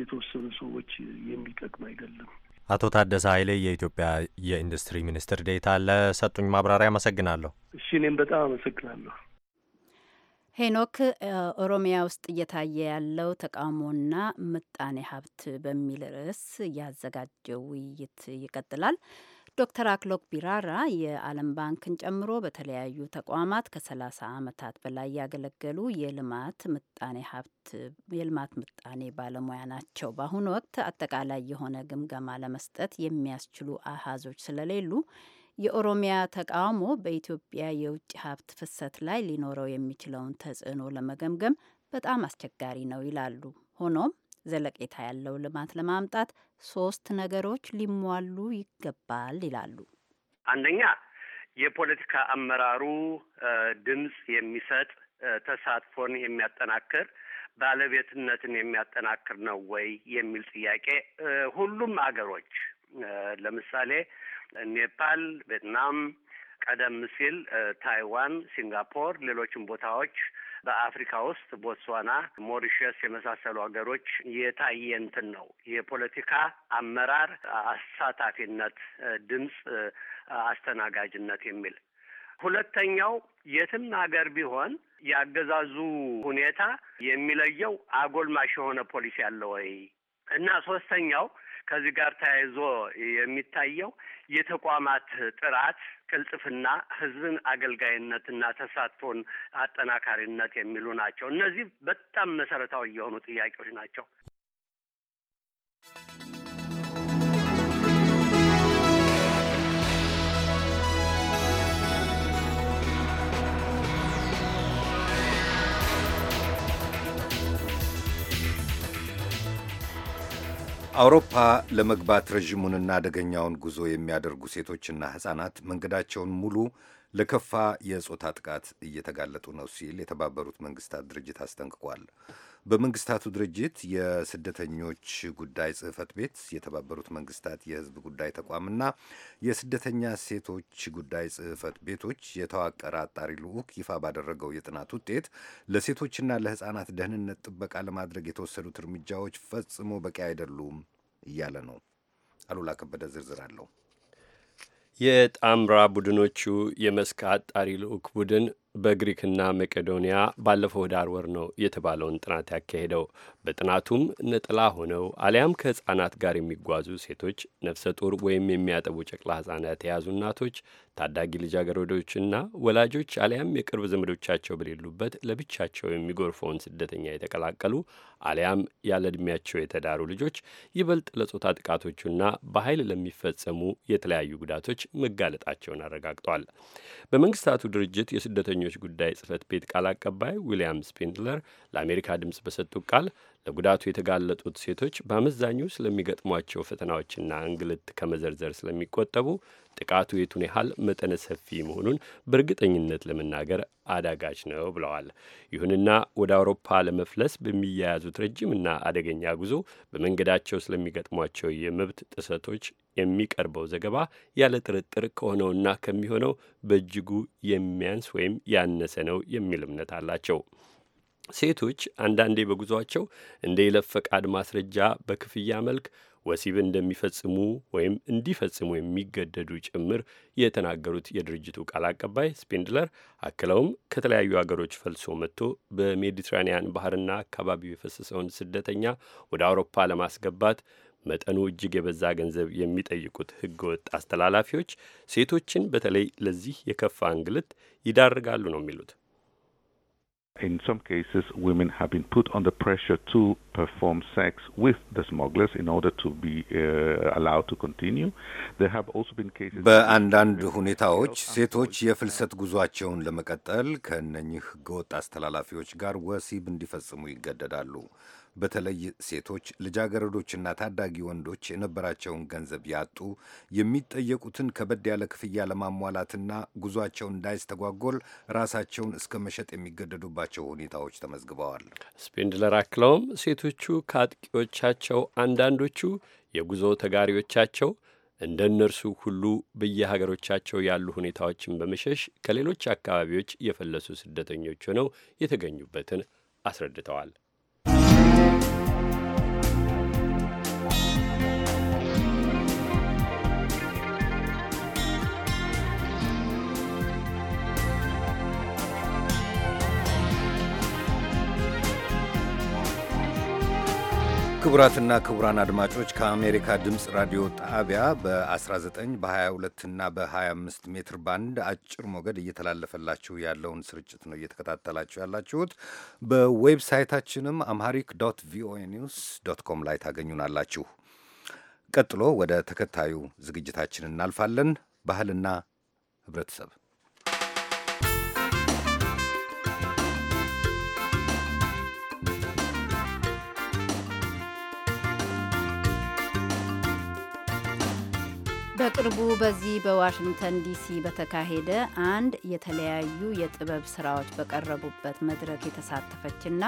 የተወሰኑ ሰዎች የሚጠቅም አይደለም። አቶ ታደሰ ኃይሌ የኢትዮጵያ የኢንዱስትሪ ሚኒስትር ዴታ ለሰጡኝ ማብራሪያ አመሰግናለሁ። እሺ እኔም በጣም አመሰግናለሁ። ሄኖክ ኦሮሚያ ውስጥ እየታየ ያለው ተቃውሞና ምጣኔ ሀብት በሚል ርዕስ ያዘጋጀው ውይይት ይቀጥላል። ዶክተር አክሎክ ቢራራ የዓለም ባንክን ጨምሮ በተለያዩ ተቋማት ከ30 ዓመታት በላይ ያገለገሉ የልማት ምጣኔ ሀብት የልማት ምጣኔ ባለሙያ ናቸው። በአሁኑ ወቅት አጠቃላይ የሆነ ግምገማ ለመስጠት የሚያስችሉ አሃዞች ስለሌሉ የኦሮሚያ ተቃውሞ በኢትዮጵያ የውጭ ሀብት ፍሰት ላይ ሊኖረው የሚችለውን ተጽዕኖ ለመገምገም በጣም አስቸጋሪ ነው ይላሉ። ሆኖም ዘለቄታ ያለው ልማት ለማምጣት ሶስት ነገሮች ሊሟሉ ይገባል ይላሉ። አንደኛ የፖለቲካ አመራሩ ድምፅ የሚሰጥ ተሳትፎን የሚያጠናክር ባለቤትነትን የሚያጠናክር ነው ወይ የሚል ጥያቄ ሁሉም አገሮች ለምሳሌ ኔፓል፣ ቬትናም፣ ቀደም ሲል ታይዋን፣ ሲንጋፖር፣ ሌሎችም ቦታዎች በአፍሪካ ውስጥ ቦትስዋና፣ ሞሪሸስ የመሳሰሉ ሀገሮች የታየ እንትን ነው የፖለቲካ አመራር አሳታፊነት፣ ድምፅ አስተናጋጅነት የሚል ሁለተኛው የትም ሀገር ቢሆን ያገዛዙ ሁኔታ የሚለየው አጎልማሽ የሆነ ፖሊሲ አለ ወይ እና ሶስተኛው ከዚህ ጋር ተያይዞ የሚታየው የተቋማት ጥራት ቅልጥፍና፣ ህዝብን አገልጋይነትና ተሳትፎን አጠናካሪነት የሚሉ ናቸው። እነዚህ በጣም መሰረታዊ የሆኑ ጥያቄዎች ናቸው። አውሮፓ ለመግባት ረዥሙንና አደገኛውን ጉዞ የሚያደርጉ ሴቶችና ሕፃናት መንገዳቸውን ሙሉ ለከፋ የጾታ ጥቃት እየተጋለጡ ነው ሲል የተባበሩት መንግስታት ድርጅት አስጠንቅቋል። በመንግስታቱ ድርጅት የስደተኞች ጉዳይ ጽህፈት ቤት የተባበሩት መንግስታት የህዝብ ጉዳይ ተቋምና የስደተኛ ሴቶች ጉዳይ ጽህፈት ቤቶች የተዋቀረ አጣሪ ልዑክ ይፋ ባደረገው የጥናት ውጤት ለሴቶችና ለህፃናት ደህንነት ጥበቃ ለማድረግ የተወሰዱት እርምጃዎች ፈጽሞ በቂ አይደሉም እያለ ነው። አሉላ ከበደ ዝርዝር አለው። የጣምራ ቡድኖቹ የመስክ አጣሪ ልዑክ ቡድን በግሪክና መቄዶንያ ባለፈው ህዳር ወር ነው የተባለውን ጥናት ያካሄደው። በጥናቱም ነጠላ ሆነው አሊያም ከሕፃናት ጋር የሚጓዙ ሴቶች፣ ነፍሰ ጡር ወይም የሚያጠቡ ጨቅላ ሕፃናት የያዙ እናቶች፣ ታዳጊ ልጃገረዶችና ወላጆች አሊያም የቅርብ ዘመዶቻቸው በሌሉበት ለብቻቸው የሚጎርፈውን ስደተኛ የተቀላቀሉ አሊያም ያለ ዕድሜያቸው የተዳሩ ልጆች ይበልጥ ለጾታ ጥቃቶቹና በኃይል ለሚፈጸሙ የተለያዩ ጉዳቶች መጋለጣቸውን አረጋግጧል። በመንግስታቱ ድርጅት የስደተኞች ጉዳይ ጽህፈት ቤት ቃል አቀባይ ዊልያም ስፒንድለር ለአሜሪካ ድምፅ በሰጡት ቃል ለጉዳቱ የተጋለጡት ሴቶች በአመዛኙ ስለሚገጥሟቸው ፈተናዎችና እንግልት ከመዘርዘር ስለሚቆጠቡ ጥቃቱ የቱን ያህል መጠነ ሰፊ መሆኑን በእርግጠኝነት ለመናገር አዳጋች ነው ብለዋል። ይሁንና ወደ አውሮፓ ለመፍለስ በሚያያዙት ረጅምና አደገኛ ጉዞ በመንገዳቸው ስለሚገጥሟቸው የመብት ጥሰቶች የሚቀርበው ዘገባ ያለ ጥርጥር ከሆነውና ከሚሆነው በእጅጉ የሚያንስ ወይም ያነሰ ነው የሚል እምነት አላቸው። ሴቶች አንዳንዴ በጉዟቸው እንደ የይለፍ ፈቃድ ማስረጃ በክፍያ መልክ ወሲብ እንደሚፈጽሙ ወይም እንዲፈጽሙ የሚገደዱ ጭምር የተናገሩት የድርጅቱ ቃል አቀባይ ስፒንድለር አክለውም ከተለያዩ አገሮች ፈልሶ መጥቶ በሜዲትራኒያን ባህርና አካባቢው የፈሰሰውን ስደተኛ ወደ አውሮፓ ለማስገባት መጠኑ እጅግ የበዛ ገንዘብ የሚጠይቁት ህገወጥ አስተላላፊዎች ሴቶችን በተለይ ለዚህ የከፋ እንግልት ይዳርጋሉ ነው የሚሉት። In some cases, women have been put under pressure to perform sex with the smugglers in order to be uh, allowed to continue. There have also been cases በአንዳንድ ሁኔታዎች ሴቶች የፍልሰት ጉዟቸውን ለመቀጠል ከእነኚህ ህገወጥ አስተላላፊዎች ጋር ወሲብ እንዲፈጽሙ ይገደዳሉ። በተለይ ሴቶች፣ ልጃገረዶችና ታዳጊ ወንዶች የነበራቸውን ገንዘብ ያጡ፣ የሚጠየቁትን ከበድ ያለ ክፍያ ለማሟላትና ጉዟቸው እንዳይስተጓጎል ራሳቸውን እስከ መሸጥ የሚገደዱባቸው ሁኔታዎች ተመዝግበዋል። ስፔንድለር አክለውም ሴቶቹ ከአጥቂዎቻቸው አንዳንዶቹ የጉዞ ተጋሪዎቻቸው እንደ እነርሱ ሁሉ በየሀገሮቻቸው ያሉ ሁኔታዎችን በመሸሽ ከሌሎች አካባቢዎች የፈለሱ ስደተኞች ሆነው የተገኙበትን አስረድተዋል። ክቡራትና ክቡራን አድማጮች ከአሜሪካ ድምፅ ራዲዮ ጣቢያ በ19 በ22 እና በ25 ሜትር ባንድ አጭር ሞገድ እየተላለፈላችሁ ያለውን ስርጭት ነው እየተከታተላችሁ ያላችሁት። በዌብሳይታችንም አምሃሪክ ዶት ቪኦኤ ኒውስ ዶት ኮም ላይ ታገኙናላችሁ። ቀጥሎ ወደ ተከታዩ ዝግጅታችን እናልፋለን። ባህልና ህብረተሰብ በቅርቡ በዚህ በዋሽንግተን ዲሲ በተካሄደ አንድ የተለያዩ የጥበብ ስራዎች በቀረቡበት መድረክ የተሳተፈችና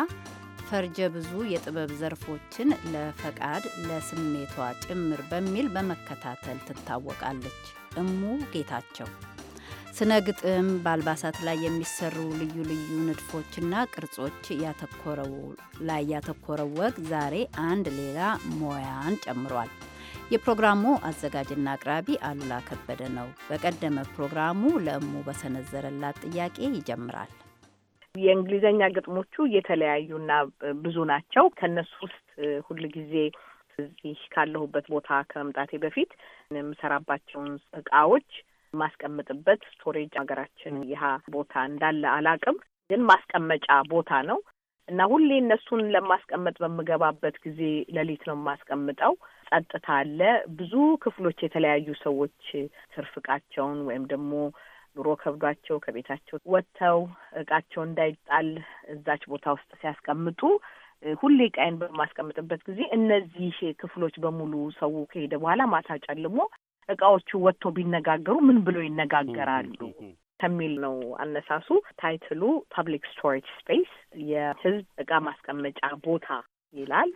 ፈርጀ ብዙ የጥበብ ዘርፎችን ለፈቃድ ለስሜቷ ጭምር በሚል በመከታተል ትታወቃለች። እሙ ጌታቸው ስነ ግጥም በአልባሳት ላይ የሚሰሩ ልዩ ልዩ ንድፎችና ቅርጾች ላይ ያተኮረው ወግ ዛሬ አንድ ሌላ ሙያን ጨምሯል። የፕሮግራሙ አዘጋጅና አቅራቢ አሉላ ከበደ ነው። በቀደመ ፕሮግራሙ ለእሙ በሰነዘረላት ጥያቄ ይጀምራል። የእንግሊዝኛ ግጥሞቹ የተለያዩና ብዙ ናቸው። ከእነሱ ውስጥ ጊዜ እዚህ ካለሁበት ቦታ ከመምጣቴ በፊት የምሰራባቸውን እቃዎች ማስቀምጥበት ስቶሬጅ ሀገራችን ይሀ ቦታ እንዳለ አላቅም፣ ግን ማስቀመጫ ቦታ ነው እና ሁሌ እነሱን ለማስቀመጥ በምገባበት ጊዜ ሌሊት ነው የማስቀምጠው። ጸጥታ አለ። ብዙ ክፍሎች የተለያዩ ሰዎች ስርፍቃቸውን ወይም ደግሞ ኑሮ ከብዷቸው ከቤታቸው ወጥተው እቃቸው እንዳይጣል እዛች ቦታ ውስጥ ሲያስቀምጡ ሁሌ ቃይን በማስቀምጥበት ጊዜ እነዚህ ክፍሎች በሙሉ ሰው ከሄደ በኋላ ማታ ጨልሞ እቃዎቹ ወጥቶ ቢነጋገሩ ምን ብለው ይነጋገራሉ ከሚል ነው አነሳሱ። ታይትሉ ፐብሊክ ስቶሬጅ ስፔስ የህዝብ እቃ ማስቀመጫ ቦታ ይላል።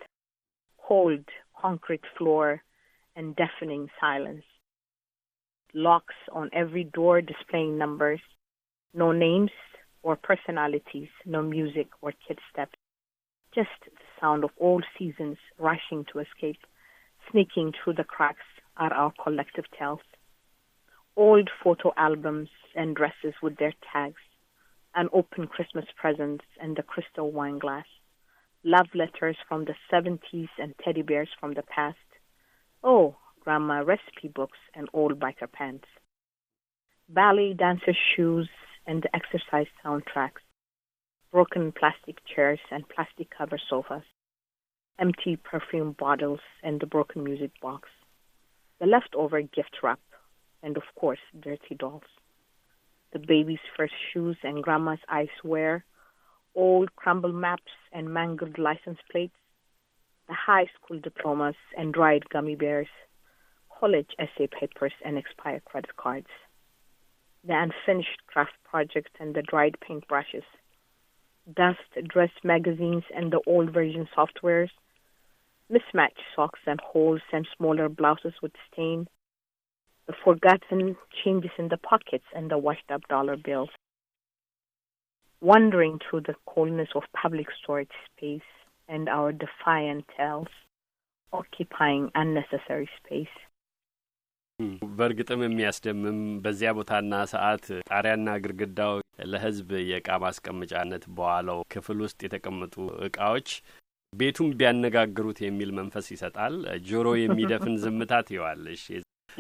ሆልድ concrete floor and deafening silence. Locks on every door displaying numbers, no names or personalities, no music or kid steps, just the sound of old seasons rushing to escape, sneaking through the cracks are our collective tales. Old photo albums and dresses with their tags, an open Christmas presents and the crystal wine glass love letters from the 70s and teddy bears from the past. Oh, grandma recipe books and old biker pants. Ballet dancer shoes and exercise soundtracks. Broken plastic chairs and plastic cover sofas. Empty perfume bottles and the broken music box. The leftover gift wrap. And of course, dirty dolls. The baby's first shoes and grandma's wear old crumbled maps and mangled license plates, the high school diplomas and dried gummy bears, college essay papers and expired credit cards, the unfinished craft projects and the dried paintbrushes, dust dressed magazines and the old version softwares, mismatched socks and holes and smaller blouses with stain, the forgotten changes in the pockets and the washed up dollar bills wandering through the coldness of public storage space and our defiant selves occupying unnecessary space. በእርግጥም የሚያስደምም በዚያ ቦታና ሰዓት ጣሪያና ግድግዳው ለሕዝብ የእቃ ማስቀመጫነት በዋለው ክፍል ውስጥ የተቀመጡ እቃዎች ቤቱን ቢያነጋግሩት የሚል መንፈስ ይሰጣል። ጆሮ የሚደፍን ዝምታ ትይዋለሽ።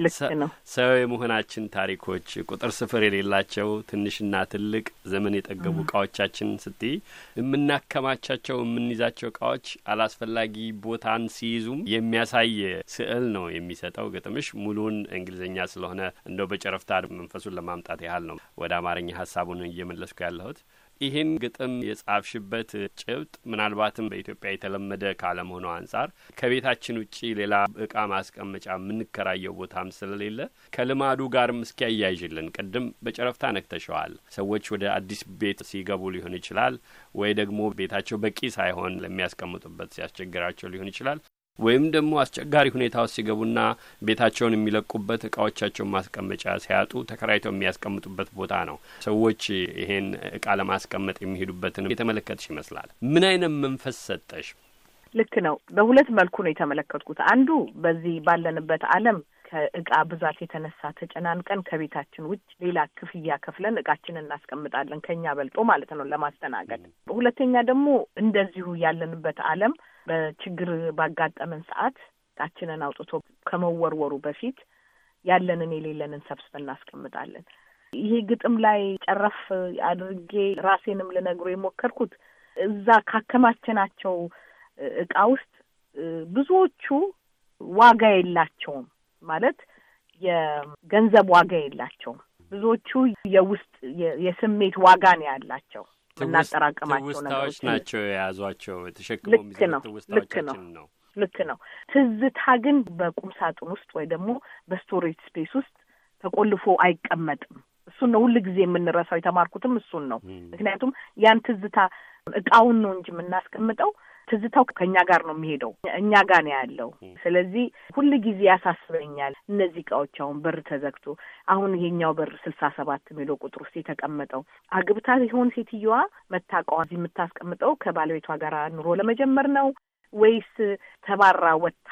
ልክ ነው። ሰው የመሆናችን ታሪኮች ቁጥር ስፍር የሌላቸው ትንሽና ትልቅ ዘመን የጠገቡ እቃዎቻችን ስትይ የምናከማቻቸው የምንይዛቸው እቃዎች አላስፈላጊ ቦታን ሲይዙም የሚያሳይ ስዕል ነው የሚሰጠው ግጥምሽ። ሙሉን እንግሊዝኛ ስለሆነ እንደው በጨረፍታ መንፈሱን ለማምጣት ያህል ነው ወደ አማርኛ ሀሳቡን እየመለስኩ ያለሁት። ይህን ግጥም የጻፍሽበት ጭብጥ ምናልባትም በኢትዮጵያ የተለመደ ካለመሆኑ አንጻር ከቤታችን ውጭ ሌላ እቃ ማስቀመጫ የምንከራየው ቦታም ስለሌለ ከልማዱ ጋርም እስኪያያይዥልን ቅድም በጨረፍታ ነክተሸዋል። ሰዎች ወደ አዲስ ቤት ሲገቡ ሊሆን ይችላል ወይ ደግሞ ቤታቸው በቂ ሳይሆን ለሚያስቀምጡበት ሲያስቸግራቸው ሊሆን ይችላል። ወይም ደግሞ አስቸጋሪ ሁኔታ ውስጥ ሲገቡና ቤታቸውን የሚለቁበት እቃዎቻቸውን ማስቀመጫ ሲያጡ ተከራይተው የሚያስቀምጡበት ቦታ ነው። ሰዎች ይሄን እቃ ለማስቀመጥ የሚሄዱበትን የተመለከትሽ ይመስላል። ምን አይነት መንፈስ ሰጠሽ? ልክ ነው። በሁለት መልኩ ነው የተመለከትኩት። አንዱ በዚህ ባለንበት ዓለም ከእቃ ብዛት የተነሳ ተጨናንቀን ከቤታችን ውጭ ሌላ ክፍያ ከፍለን እቃችንን እናስቀምጣለን፣ ከኛ በልጦ ማለት ነው ለማስተናገድ። ሁለተኛ ደግሞ እንደዚሁ ያለንበት ዓለም በችግር ባጋጠመን ሰዓት እቃችንን አውጥቶ ከመወርወሩ በፊት ያለንን የሌለንን ሰብስበን እናስቀምጣለን። ይሄ ግጥም ላይ ጨረፍ አድርጌ ራሴንም ልነግሮ የሞከርኩት እዛ ካከማቸናቸው እቃ ውስጥ ብዙዎቹ ዋጋ የላቸውም፣ ማለት የገንዘብ ዋጋ የላቸውም። ብዙዎቹ የውስጥ የስሜት ዋጋ ነው ያላቸው። የምናጠራቅማቸው ነገሮች ናቸው የያዟቸው ልክ ነው ነው ልክ ነው። ትዝታ ግን በቁም ሳጥን ውስጥ ወይ ደግሞ በስቶሬጅ ስፔስ ውስጥ ተቆልፎ አይቀመጥም። እሱን ነው ሁል ጊዜ የምንረሳው። የተማርኩትም እሱን ነው። ምክንያቱም ያን ትዝታ እቃውን ነው እንጂ የምናስቀምጠው ትዝታው ከእኛ ጋር ነው የሚሄደው፣ እኛ ጋር ነው ያለው። ስለዚህ ሁል ጊዜ ያሳስበኛል። እነዚህ እቃዎች አሁን በር ተዘግቶ አሁን ይሄኛው በር ስልሳ ሰባት የሚለው ቁጥር ውስጥ የተቀመጠው አግብታ ሲሆን ሴትየዋ መታቀዋ የምታስቀምጠው ከባለቤቷ ጋር ኑሮ ለመጀመር ነው ወይስ ተባራ ወጥታ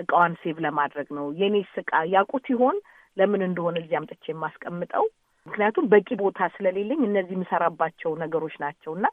እቃዋን ሴቭ ለማድረግ ነው? የኔስ እቃ ያውቁት ይሆን? ለምን እንደሆነ እዚህ አምጥቼ የማስቀምጠው ምክንያቱም በቂ ቦታ ስለሌለኝ እነዚህ የምሰራባቸው ነገሮች ናቸው እና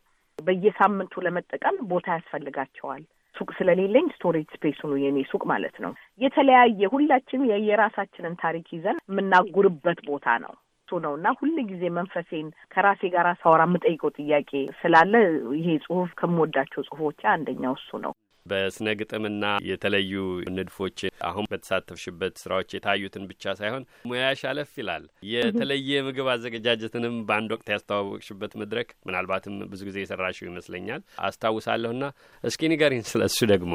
በየሳምንቱ ለመጠቀም ቦታ ያስፈልጋቸዋል። ሱቅ ስለሌለኝ ስቶሬጅ ስፔስ ሆኖ የኔ ሱቅ ማለት ነው። የተለያየ ሁላችን የየራሳችንን ታሪክ ይዘን የምናጉርበት ቦታ ነው እሱ ነው እና ሁል ጊዜ መንፈሴን ከራሴ ጋር ሳወራ የምጠይቀው ጥያቄ ስላለ ይሄ ጽሁፍ ከምወዳቸው ጽሁፎች አንደኛው እሱ ነው። በስነ ግጥምና የተለዩ ንድፎች አሁን በተሳተፍሽበት ስራዎች የታዩትን ብቻ ሳይሆን ሙያሽ አለፍ ይላል። የተለየ ምግብ አዘገጃጀትንም በአንድ ወቅት ያስተዋወቅሽበት መድረክ ምናልባትም ብዙ ጊዜ የሰራሽው ይመስለኛል አስታውሳለሁና እስኪ ንገሪን ስለ እሱ ደግሞ።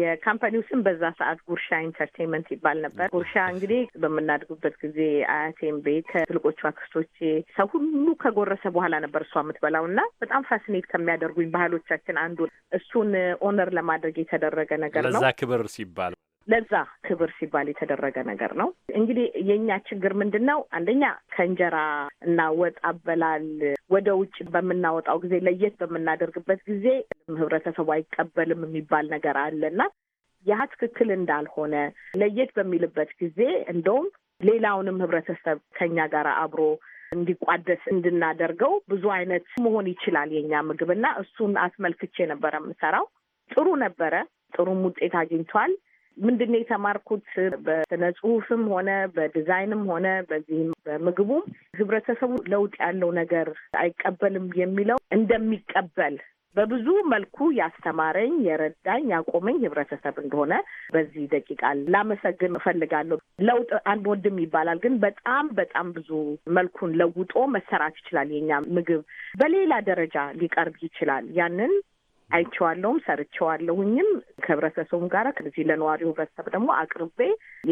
የካምፓኒው ስም በዛ ሰዓት ጉርሻ ኢንተርቴንመንት ይባል ነበር። ጉርሻ እንግዲህ በምናድጉበት ጊዜ አያቴም ቤት ከትልቆቹ አክስቶቼ ሰው ሁሉ ከጎረሰ በኋላ ነበር እሷ የምትበላው እና በጣም ፋሲኔት ከሚያደርጉኝ ባህሎቻችን አንዱ እሱን ኦነር ለማድረግ የተደረገ ነገር ነው። ለዛ ክብር ሲባል ለዛ ክብር ሲባል የተደረገ ነገር ነው። እንግዲህ የእኛ ችግር ምንድን ነው? አንደኛ ከእንጀራ እና ወጥ አበላል ወደ ውጭ በምናወጣው ጊዜ ለየት በምናደርግበት ጊዜ ህብረተሰቡ አይቀበልም የሚባል ነገር አለና ያ ትክክል እንዳልሆነ ለየት በሚልበት ጊዜ እንደውም ሌላውንም ህብረተሰብ ከኛ ጋር አብሮ እንዲቋደስ እንድናደርገው ብዙ አይነት መሆን ይችላል የኛ ምግብና እሱን አስመልክቼ ነበረ የምሰራው። ጥሩ ነበረ። ጥሩም ውጤት አግኝቷል። ምንድን ነው የተማርኩት? በስነ ጽሁፍም ሆነ በዲዛይንም ሆነ በዚህም በምግቡም ህብረተሰቡ ለውጥ ያለው ነገር አይቀበልም የሚለው እንደሚቀበል በብዙ መልኩ ያስተማረኝ፣ የረዳኝ፣ ያቆመኝ ህብረተሰብ እንደሆነ በዚህ ደቂቃ ላመሰግን እፈልጋለሁ። ለውጥ አንድ ወንድም ይባላል፣ ግን በጣም በጣም ብዙ መልኩን ለውጦ መሰራት ይችላል። የኛ ምግብ በሌላ ደረጃ ሊቀርብ ይችላል። ያንን አይቼዋለሁም ሰርቼዋለሁኝም ከህብረተሰቡም ጋር ከዚህ ለነዋሪው ህብረተሰብ ደግሞ አቅርቤ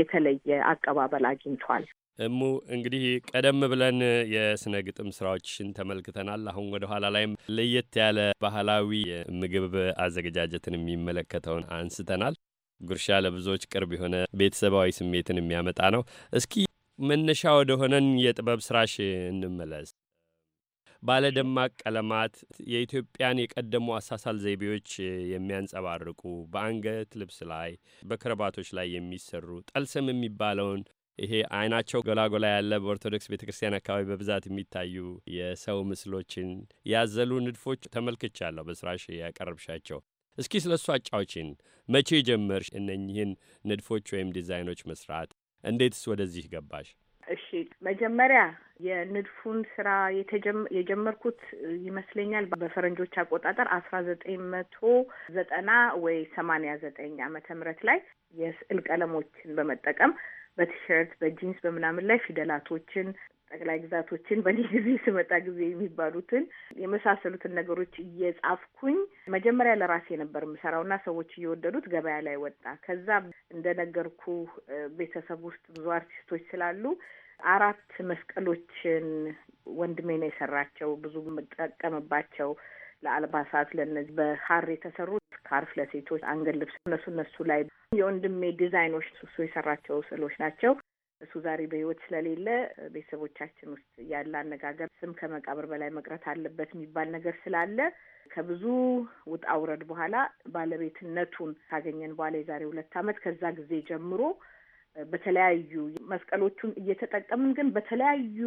የተለየ አቀባበል አግኝቷል። እሙ እንግዲህ ቀደም ብለን የስነ ግጥም ስራዎችን ተመልክተናል። አሁን ወደ ኋላ ላይም ለየት ያለ ባህላዊ ምግብ አዘገጃጀትን የሚመለከተውን አንስተናል። ጉርሻ ለብዙዎች ቅርብ የሆነ ቤተሰባዊ ስሜትን የሚያመጣ ነው። እስኪ መነሻ ወደ ሆነን የጥበብ ስራሽ እንመለስ። ባለደማቅ ቀለማት የኢትዮጵያን የቀደሙ አሳሳል ዘይቤዎች የሚያንጸባርቁ በአንገት ልብስ ላይ በክረባቶች ላይ የሚሰሩ ጠልስም የሚባለውን ይሄ አይናቸው ጎላጎላ ያለ በኦርቶዶክስ ቤተ ክርስቲያን አካባቢ በብዛት የሚታዩ የሰው ምስሎችን ያዘሉ ንድፎች ተመልክቻለሁ በስራሽ ያቀረብሻቸው። እስኪ ስለ እሱ አጫዎችን። መቼ ጀመርሽ እነኚህን ንድፎች ወይም ዲዛይኖች መስራት? እንዴትስ ወደዚህ ገባሽ? እሺ መጀመሪያ የንድፉን ስራ የጀመርኩት ይመስለኛል በፈረንጆች አቆጣጠር አስራ ዘጠኝ መቶ ዘጠና ወይ ሰማንያ ዘጠኝ አመተ ምህረት ላይ የስዕል ቀለሞችን በመጠቀም በቲሸርት በጂንስ በምናምን ላይ ፊደላቶችን ጠቅላይ ግዛቶችን በእኔ (laughs) ጊዜ ስመጣ ጊዜ የሚባሉትን የመሳሰሉትን ነገሮች እየጻፍኩኝ መጀመሪያ ለራሴ ነበር የምሰራው የምሰራውና ሰዎች እየወደዱት ገበያ ላይ ወጣ። ከዛ እንደነገርኩ ቤተሰብ ውስጥ ብዙ አርቲስቶች ስላሉ አራት መስቀሎችን ወንድሜ ነው የሰራቸው። ብዙ የምጠቀምባቸው ለአልባሳት፣ ለነዚህ በሀር የተሰሩ ካርፍ ለሴቶች፣ አንገት ልብስ እነሱ እነሱ ላይ የወንድሜ ዲዛይኖች እሱ የሰራቸው ስዕሎች ናቸው። እሱ ዛሬ በህይወት ስለሌለ ቤተሰቦቻችን ውስጥ ያለ አነጋገር ስም ከመቃብር በላይ መቅረት አለበት የሚባል ነገር ስላለ ከብዙ ውጣ ውረድ በኋላ ባለቤትነቱን ካገኘን በኋላ የዛሬ ሁለት ዓመት ከዛ ጊዜ ጀምሮ በተለያዩ መስቀሎቹን እየተጠቀምን ግን በተለያዩ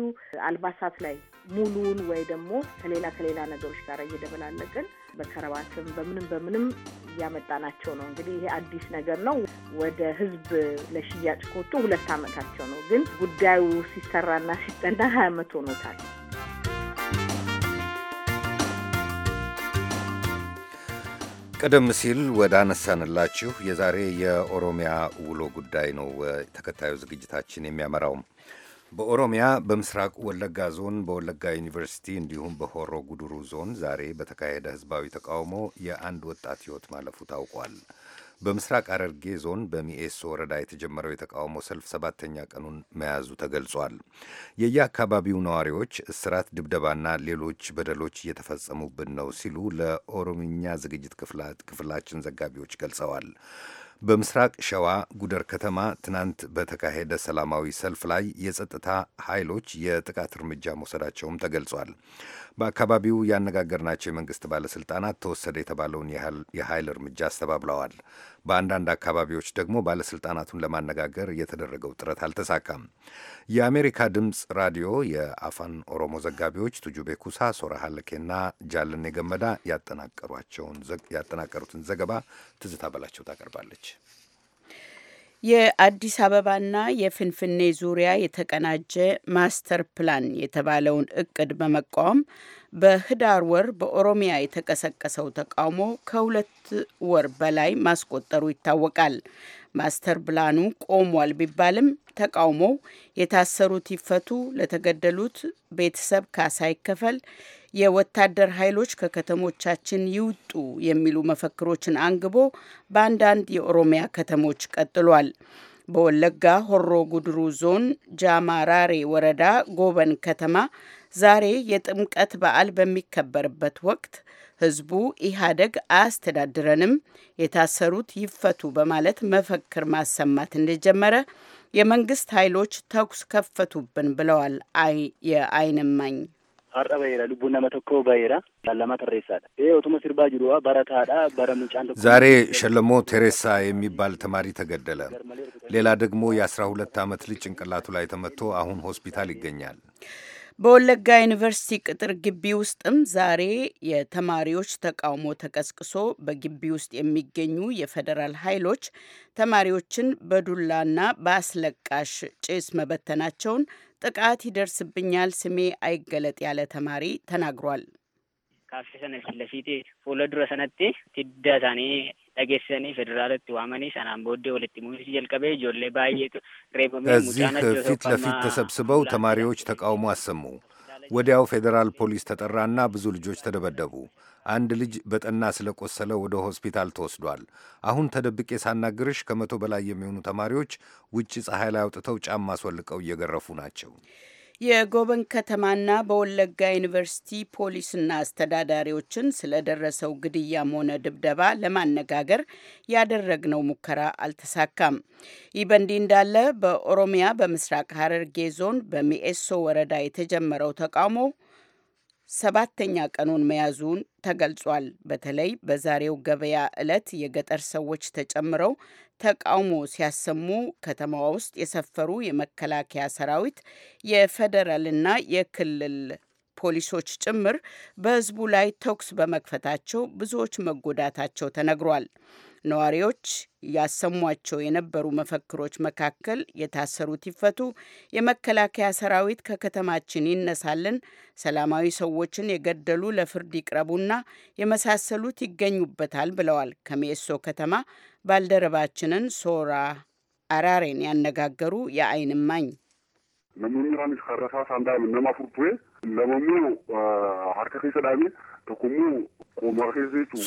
አልባሳት ላይ ሙሉን ወይ ደግሞ ከሌላ ከሌላ ነገሮች ጋር እየደበላለቅን በከረባትም በምንም በምንም እያመጣናቸው ነው። እንግዲህ ይሄ አዲስ ነገር ነው። ወደ ህዝብ ለሽያጭ ከወጡ ሁለት አመታቸው ነው። ግን ጉዳዩ ሲሰራና ሲጠና ሀያ ዓመት ሆኖታል። ቀደም ሲል ወደ አነሳንላችሁ የዛሬ የኦሮሚያ ውሎ ጉዳይ ነው ተከታዩ ዝግጅታችን የሚያመራው። በኦሮሚያ በምስራቅ ወለጋ ዞን በወለጋ ዩኒቨርሲቲ እንዲሁም በሆሮ ጉድሩ ዞን ዛሬ በተካሄደ ህዝባዊ ተቃውሞ የአንድ ወጣት ህይወት ማለፉ ታውቋል። በምስራቅ ሐረርጌ ዞን በሚኤሶ ወረዳ የተጀመረው የተቃውሞ ሰልፍ ሰባተኛ ቀኑን መያዙ ተገልጿል። የየአካባቢው ነዋሪዎች እስራት፣ ድብደባና ሌሎች በደሎች እየተፈጸሙብን ነው ሲሉ ለኦሮምኛ ዝግጅት ክፍላችን ዘጋቢዎች ገልጸዋል። በምስራቅ ሸዋ ጉደር ከተማ ትናንት በተካሄደ ሰላማዊ ሰልፍ ላይ የጸጥታ ኃይሎች የጥቃት እርምጃ መውሰዳቸውም ተገልጿል። በአካባቢው ያነጋገርናቸው የመንግስት ባለስልጣናት ተወሰደ የተባለውን የኃይል እርምጃ አስተባብለዋል። በአንዳንድ አካባቢዎች ደግሞ ባለስልጣናቱን ለማነጋገር የተደረገው ጥረት አልተሳካም። የአሜሪካ ድምፅ ራዲዮ የአፋን ኦሮሞ ዘጋቢዎች ቱጁቤ ኩሳ፣ ሶራ ሀለኬና ጃለኔ ገመዳ ያጠናቀሩትን ዘገባ ትዝታ በላቸው ታቀርባለች። የአዲስ አበባና የፍንፍኔ ዙሪያ የተቀናጀ ማስተር ፕላን የተባለውን እቅድ በመቃወም በህዳር ወር በኦሮሚያ የተቀሰቀሰው ተቃውሞ ከሁለት ወር በላይ ማስቆጠሩ ይታወቃል። ማስተር ፕላኑ ቆሟል ቢባልም ተቃውሞው የታሰሩት ይፈቱ፣ ለተገደሉት ቤተሰብ ካሳ ይከፈል፣ የወታደር ኃይሎች ከከተሞቻችን ይውጡ የሚሉ መፈክሮችን አንግቦ በአንዳንድ የኦሮሚያ ከተሞች ቀጥሏል። በወለጋ ሆሮ ጉድሩ ዞን ጃማራሬ ወረዳ ጎበን ከተማ ዛሬ የጥምቀት በዓል በሚከበርበት ወቅት ህዝቡ ኢህአደግ አያስተዳድረንም፣ የታሰሩት ይፈቱ በማለት መፈክር ማሰማት እንደጀመረ የመንግስት ኃይሎች ተኩስ ከፈቱብን ብለዋል። አይ የአይን እማኝ ዛሬ ሸለሞ ቴሬሳ የሚባል ተማሪ ተገደለ። ሌላ ደግሞ የአስራ ሁለት ዓመት ልጅ ጭንቅላቱ ላይ ተመቶ አሁን ሆስፒታል ይገኛል። በወለጋ ዩኒቨርሲቲ ቅጥር ግቢ ውስጥም ዛሬ የተማሪዎች ተቃውሞ ተቀስቅሶ በግቢ ውስጥ የሚገኙ የፌዴራል ኃይሎች ተማሪዎችን በዱላና በአስለቃሽ ጭስ መበተናቸውን ጥቃት ይደርስብኛል ስሜ አይገለጥ ያለ ተማሪ ተናግሯል። ካፌ ሰነ ፊት ለፊት ሰነቴ dhageessanii federaalatti waamanii sanaan booddee walitti muummisi jalqabee ijoollee baay'eetu reebamee እዚህ ፊት ለፊት ተሰብስበው ተማሪዎች ተቃውሞ አሰሙ። ወዲያው ፌዴራል ፖሊስ ተጠራና ብዙ ልጆች ተደበደቡ። አንድ ልጅ በጠና ስለቆሰለ ወደ ሆስፒታል ተወስዷል። አሁን ተደብቄ ሳናግርሽ ከመቶ በላይ የሚሆኑ ተማሪዎች ውጭ ፀሐይ ላይ አውጥተው ጫማ አስወልቀው እየገረፉ ናቸው። የጎበን ከተማና በወለጋ ዩኒቨርሲቲ ፖሊስና አስተዳዳሪዎችን ስለደረሰው ግድያም ሆነ ድብደባ ለማነጋገር ያደረግነው ሙከራ አልተሳካም። ይህ በእንዲህ እንዳለ በኦሮሚያ በምስራቅ ሐረርጌ ዞን በሚኤሶ ወረዳ የተጀመረው ተቃውሞ ሰባተኛ ቀኑን መያዙን ተገልጿል። በተለይ በዛሬው ገበያ ዕለት የገጠር ሰዎች ተጨምረው ተቃውሞ ሲያሰሙ ከተማዋ ውስጥ የሰፈሩ የመከላከያ ሰራዊት፣ የፌዴራልና የክልል ፖሊሶች ጭምር በህዝቡ ላይ ተኩስ በመክፈታቸው ብዙዎች መጎዳታቸው ተነግሯል። ነዋሪዎች ያሰሟቸው የነበሩ መፈክሮች መካከል የታሰሩት ይፈቱ፣ የመከላከያ ሰራዊት ከከተማችን ይነሳልን፣ ሰላማዊ ሰዎችን የገደሉ ለፍርድ ይቅረቡና የመሳሰሉት ይገኙበታል ብለዋል። ከሜሶ ከተማ ባልደረባችንን ሶራ አራሬን ያነጋገሩ የአይን እማኝ ለመምህራን ከረሳሳ እንዳ ለማፉርቱ ለመሙ ሀርከቴ ሰላሜ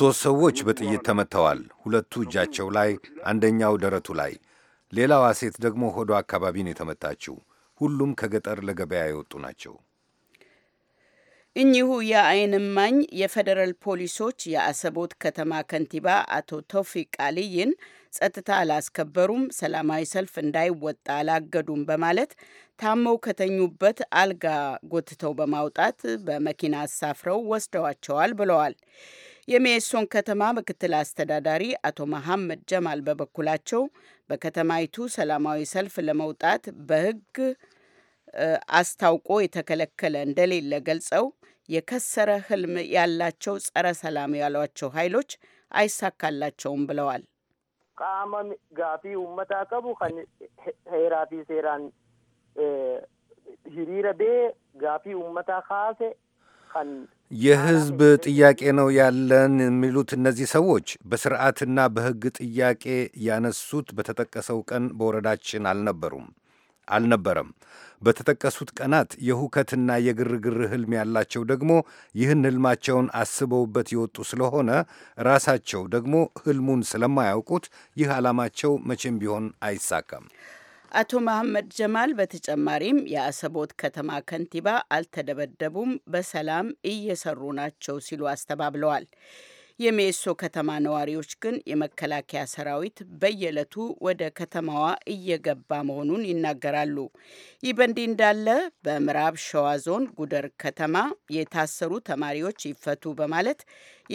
ሶስት ሰዎች በጥይት ተመተዋል። ሁለቱ እጃቸው ላይ፣ አንደኛው ደረቱ ላይ፣ ሌላዋ ሴት ደግሞ ሆዶ አካባቢ ነው የተመታችው። ሁሉም ከገጠር ለገበያ የወጡ ናቸው። እኚሁ የዓይን እማኝ የፌዴራል ፖሊሶች የአሰቦት ከተማ ከንቲባ አቶ ተውፊቅ አልይን ጸጥታ አላስከበሩም፣ ሰላማዊ ሰልፍ እንዳይወጣ አላገዱም በማለት ታመው ከተኙበት አልጋ ጎትተው በማውጣት በመኪና አሳፍረው ወስደዋቸዋል ብለዋል። የሜሶን ከተማ ምክትል አስተዳዳሪ አቶ መሐመድ ጀማል በበኩላቸው በከተማይቱ ሰላማዊ ሰልፍ ለመውጣት በሕግ አስታውቆ የተከለከለ እንደሌለ ገልጸው የከሰረ ህልም ያላቸው ጸረ ሰላም ያሏቸው ኃይሎች አይሳካላቸውም ብለዋል። qaama gaafii uummataa qabu kan heeraa fi seeraan hiriira bee gaafii uummataa kaase kan የህዝብ ጥያቄ ነው ያለን የሚሉት እነዚህ ሰዎች በስርዓትና በህግ ጥያቄ ያነሱት በተጠቀሰው ቀን በወረዳችን አልነበሩም። አልነበረም። በተጠቀሱት ቀናት የሁከትና የግርግር ህልም ያላቸው ደግሞ ይህን ህልማቸውን አስበውበት የወጡ ስለሆነ ራሳቸው ደግሞ ህልሙን ስለማያውቁት ይህ ዓላማቸው መቼም ቢሆን አይሳካም። አቶ መሐመድ ጀማል በተጨማሪም የአሰቦት ከተማ ከንቲባ አልተደበደቡም፣ በሰላም እየሰሩ ናቸው ሲሉ አስተባብለዋል። የሜሶ ከተማ ነዋሪዎች ግን የመከላከያ ሰራዊት በየዕለቱ ወደ ከተማዋ እየገባ መሆኑን ይናገራሉ። ይህ በእንዲህ እንዳለ በምዕራብ ሸዋ ዞን ጉደር ከተማ የታሰሩ ተማሪዎች ይፈቱ በማለት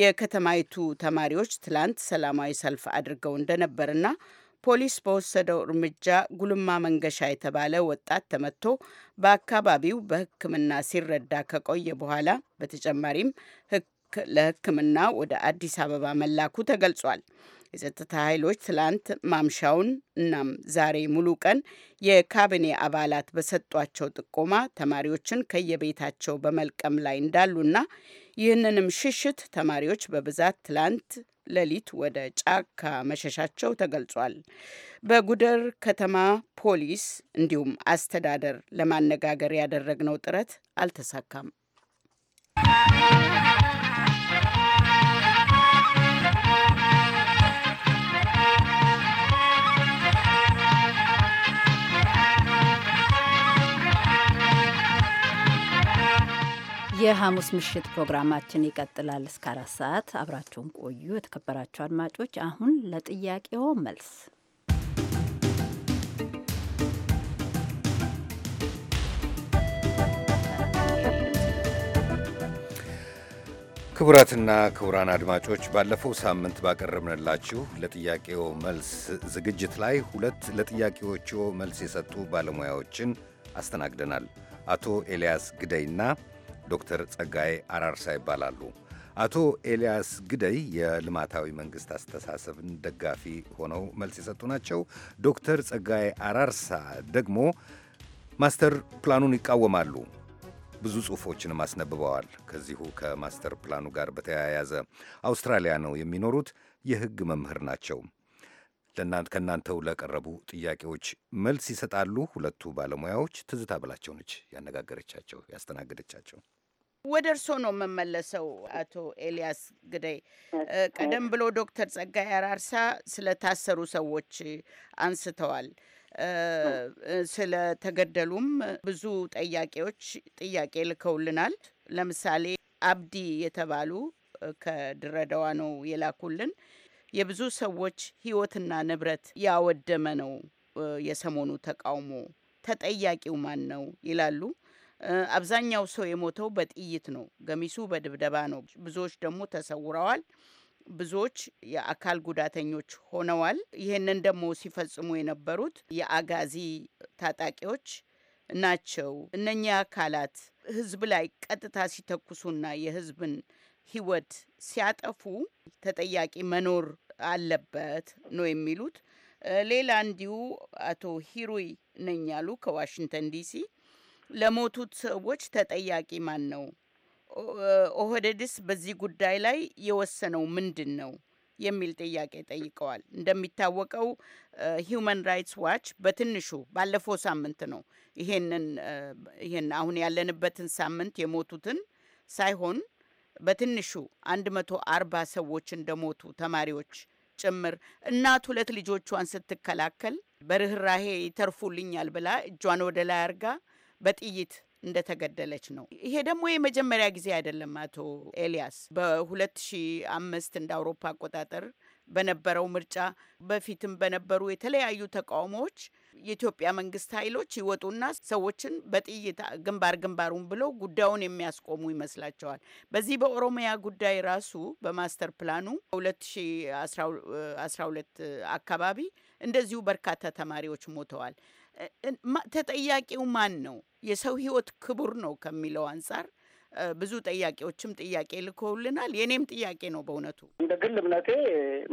የከተማይቱ ተማሪዎች ትላንት ሰላማዊ ሰልፍ አድርገው እንደነበርና ፖሊስ በወሰደው እርምጃ ጉልማ መንገሻ የተባለ ወጣት ተመቶ በአካባቢው በሕክምና ሲረዳ ከቆየ በኋላ በተጨማሪም ለሕክምና ወደ አዲስ አበባ መላኩ ተገልጿል። የጸጥታ ኃይሎች ትላንት ማምሻውን እናም ዛሬ ሙሉ ቀን የካቢኔ አባላት በሰጧቸው ጥቆማ ተማሪዎችን ከየቤታቸው በመልቀም ላይ እንዳሉና ይህንንም ሽሽት ተማሪዎች በብዛት ትላንት ሌሊት ወደ ጫካ መሸሻቸው ተገልጿል። በጉደር ከተማ ፖሊስ እንዲሁም አስተዳደር ለማነጋገር ያደረግነው ጥረት አልተሳካም። የሐሙስ ምሽት ፕሮግራማችን ይቀጥላል እስከ አራት ሰዓት አብራችሁን ቆዩ። የተከበራችሁ አድማጮች፣ አሁን ለጥያቄው መልስ ክቡራትና ክቡራን አድማጮች ባለፈው ሳምንት ባቀረብንላችሁ ለጥያቄው መልስ ዝግጅት ላይ ሁለት ለጥያቄዎቹ መልስ የሰጡ ባለሙያዎችን አስተናግደናል። አቶ ኤልያስ ግደይና ዶክተር ጸጋይ አራርሳ ይባላሉ። አቶ ኤልያስ ግደይ የልማታዊ መንግስት አስተሳሰብን ደጋፊ ሆነው መልስ የሰጡ ናቸው። ዶክተር ጸጋይ አራርሳ ደግሞ ማስተር ፕላኑን ይቃወማሉ። ብዙ ጽሑፎችንም አስነብበዋል። ከዚሁ ከማስተር ፕላኑ ጋር በተያያዘ አውስትራሊያ ነው የሚኖሩት። የህግ መምህር ናቸው። ከእናንተው ለቀረቡ ጥያቄዎች መልስ ይሰጣሉ። ሁለቱ ባለሙያዎች ትዝታ ብላቸው ነች ያነጋገረቻቸው ያስተናገደቻቸው። ወደ እርስዎ ነው የምመለሰው አቶ ኤልያስ ግዳይ። ቀደም ብሎ ዶክተር ጸጋዬ አራርሳ ስለታሰሩ ሰዎች አንስተዋል። ስለተገደሉም ብዙ ጠያቄዎች ጥያቄ ልከውልናል። ለምሳሌ አብዲ የተባሉ ከድረዳዋ ነው የላኩልን። የብዙ ሰዎች ሕይወትና ንብረት ያወደመ ነው የሰሞኑ ተቃውሞ፣ ተጠያቂው ማን ነው ይላሉ። አብዛኛው ሰው የሞተው በጥይት ነው። ገሚሱ በድብደባ ነው። ብዙዎች ደግሞ ተሰውረዋል። ብዙዎች የአካል ጉዳተኞች ሆነዋል። ይህንን ደግሞ ሲፈጽሙ የነበሩት የአጋዚ ታጣቂዎች ናቸው። እነኚህ አካላት ህዝብ ላይ ቀጥታ ሲተኩሱና የህዝብን ህይወት ሲያጠፉ ተጠያቂ መኖር አለበት ነው የሚሉት። ሌላ እንዲሁ አቶ ሂሩይ ነኝ ያሉ ከዋሽንግተን ዲሲ ለሞቱት ሰዎች ተጠያቂ ማን ነው? ኦህዴድስ በዚህ ጉዳይ ላይ የወሰነው ምንድን ነው የሚል ጥያቄ ጠይቀዋል። እንደሚታወቀው ሂውማን ራይትስ ዋች በትንሹ ባለፈው ሳምንት ነው ይሄንን ይሄን አሁን ያለንበትን ሳምንት የሞቱትን ሳይሆን በትንሹ 140 ሰዎች እንደሞቱ ተማሪዎች ጭምር እናት ሁለት ልጆቿን ስትከላከል በርኅራሄ ይተርፉልኛል ብላ እጇን ወደ ላይ አርጋ በጥይት እንደተገደለች ነው። ይሄ ደግሞ የመጀመሪያ ጊዜ አይደለም። አቶ ኤልያስ በ2005 እንደ አውሮፓ አቆጣጠር በነበረው ምርጫ በፊትም በነበሩ የተለያዩ ተቃውሞዎች የኢትዮጵያ መንግስት ኃይሎች ይወጡና ሰዎችን በጥይት ግንባር ግንባሩን ብለው ጉዳዩን የሚያስቆሙ ይመስላቸዋል። በዚህ በኦሮሚያ ጉዳይ ራሱ በማስተር ፕላኑ 2012 አካባቢ እንደዚሁ በርካታ ተማሪዎች ሞተዋል። ተጠያቂው ማን ነው? የሰው ህይወት ክቡር ነው ከሚለው አንጻር ብዙ ጥያቄዎችም ጥያቄ ልኮውልናል። የእኔም ጥያቄ ነው በእውነቱ እንደ ግል እምነቴ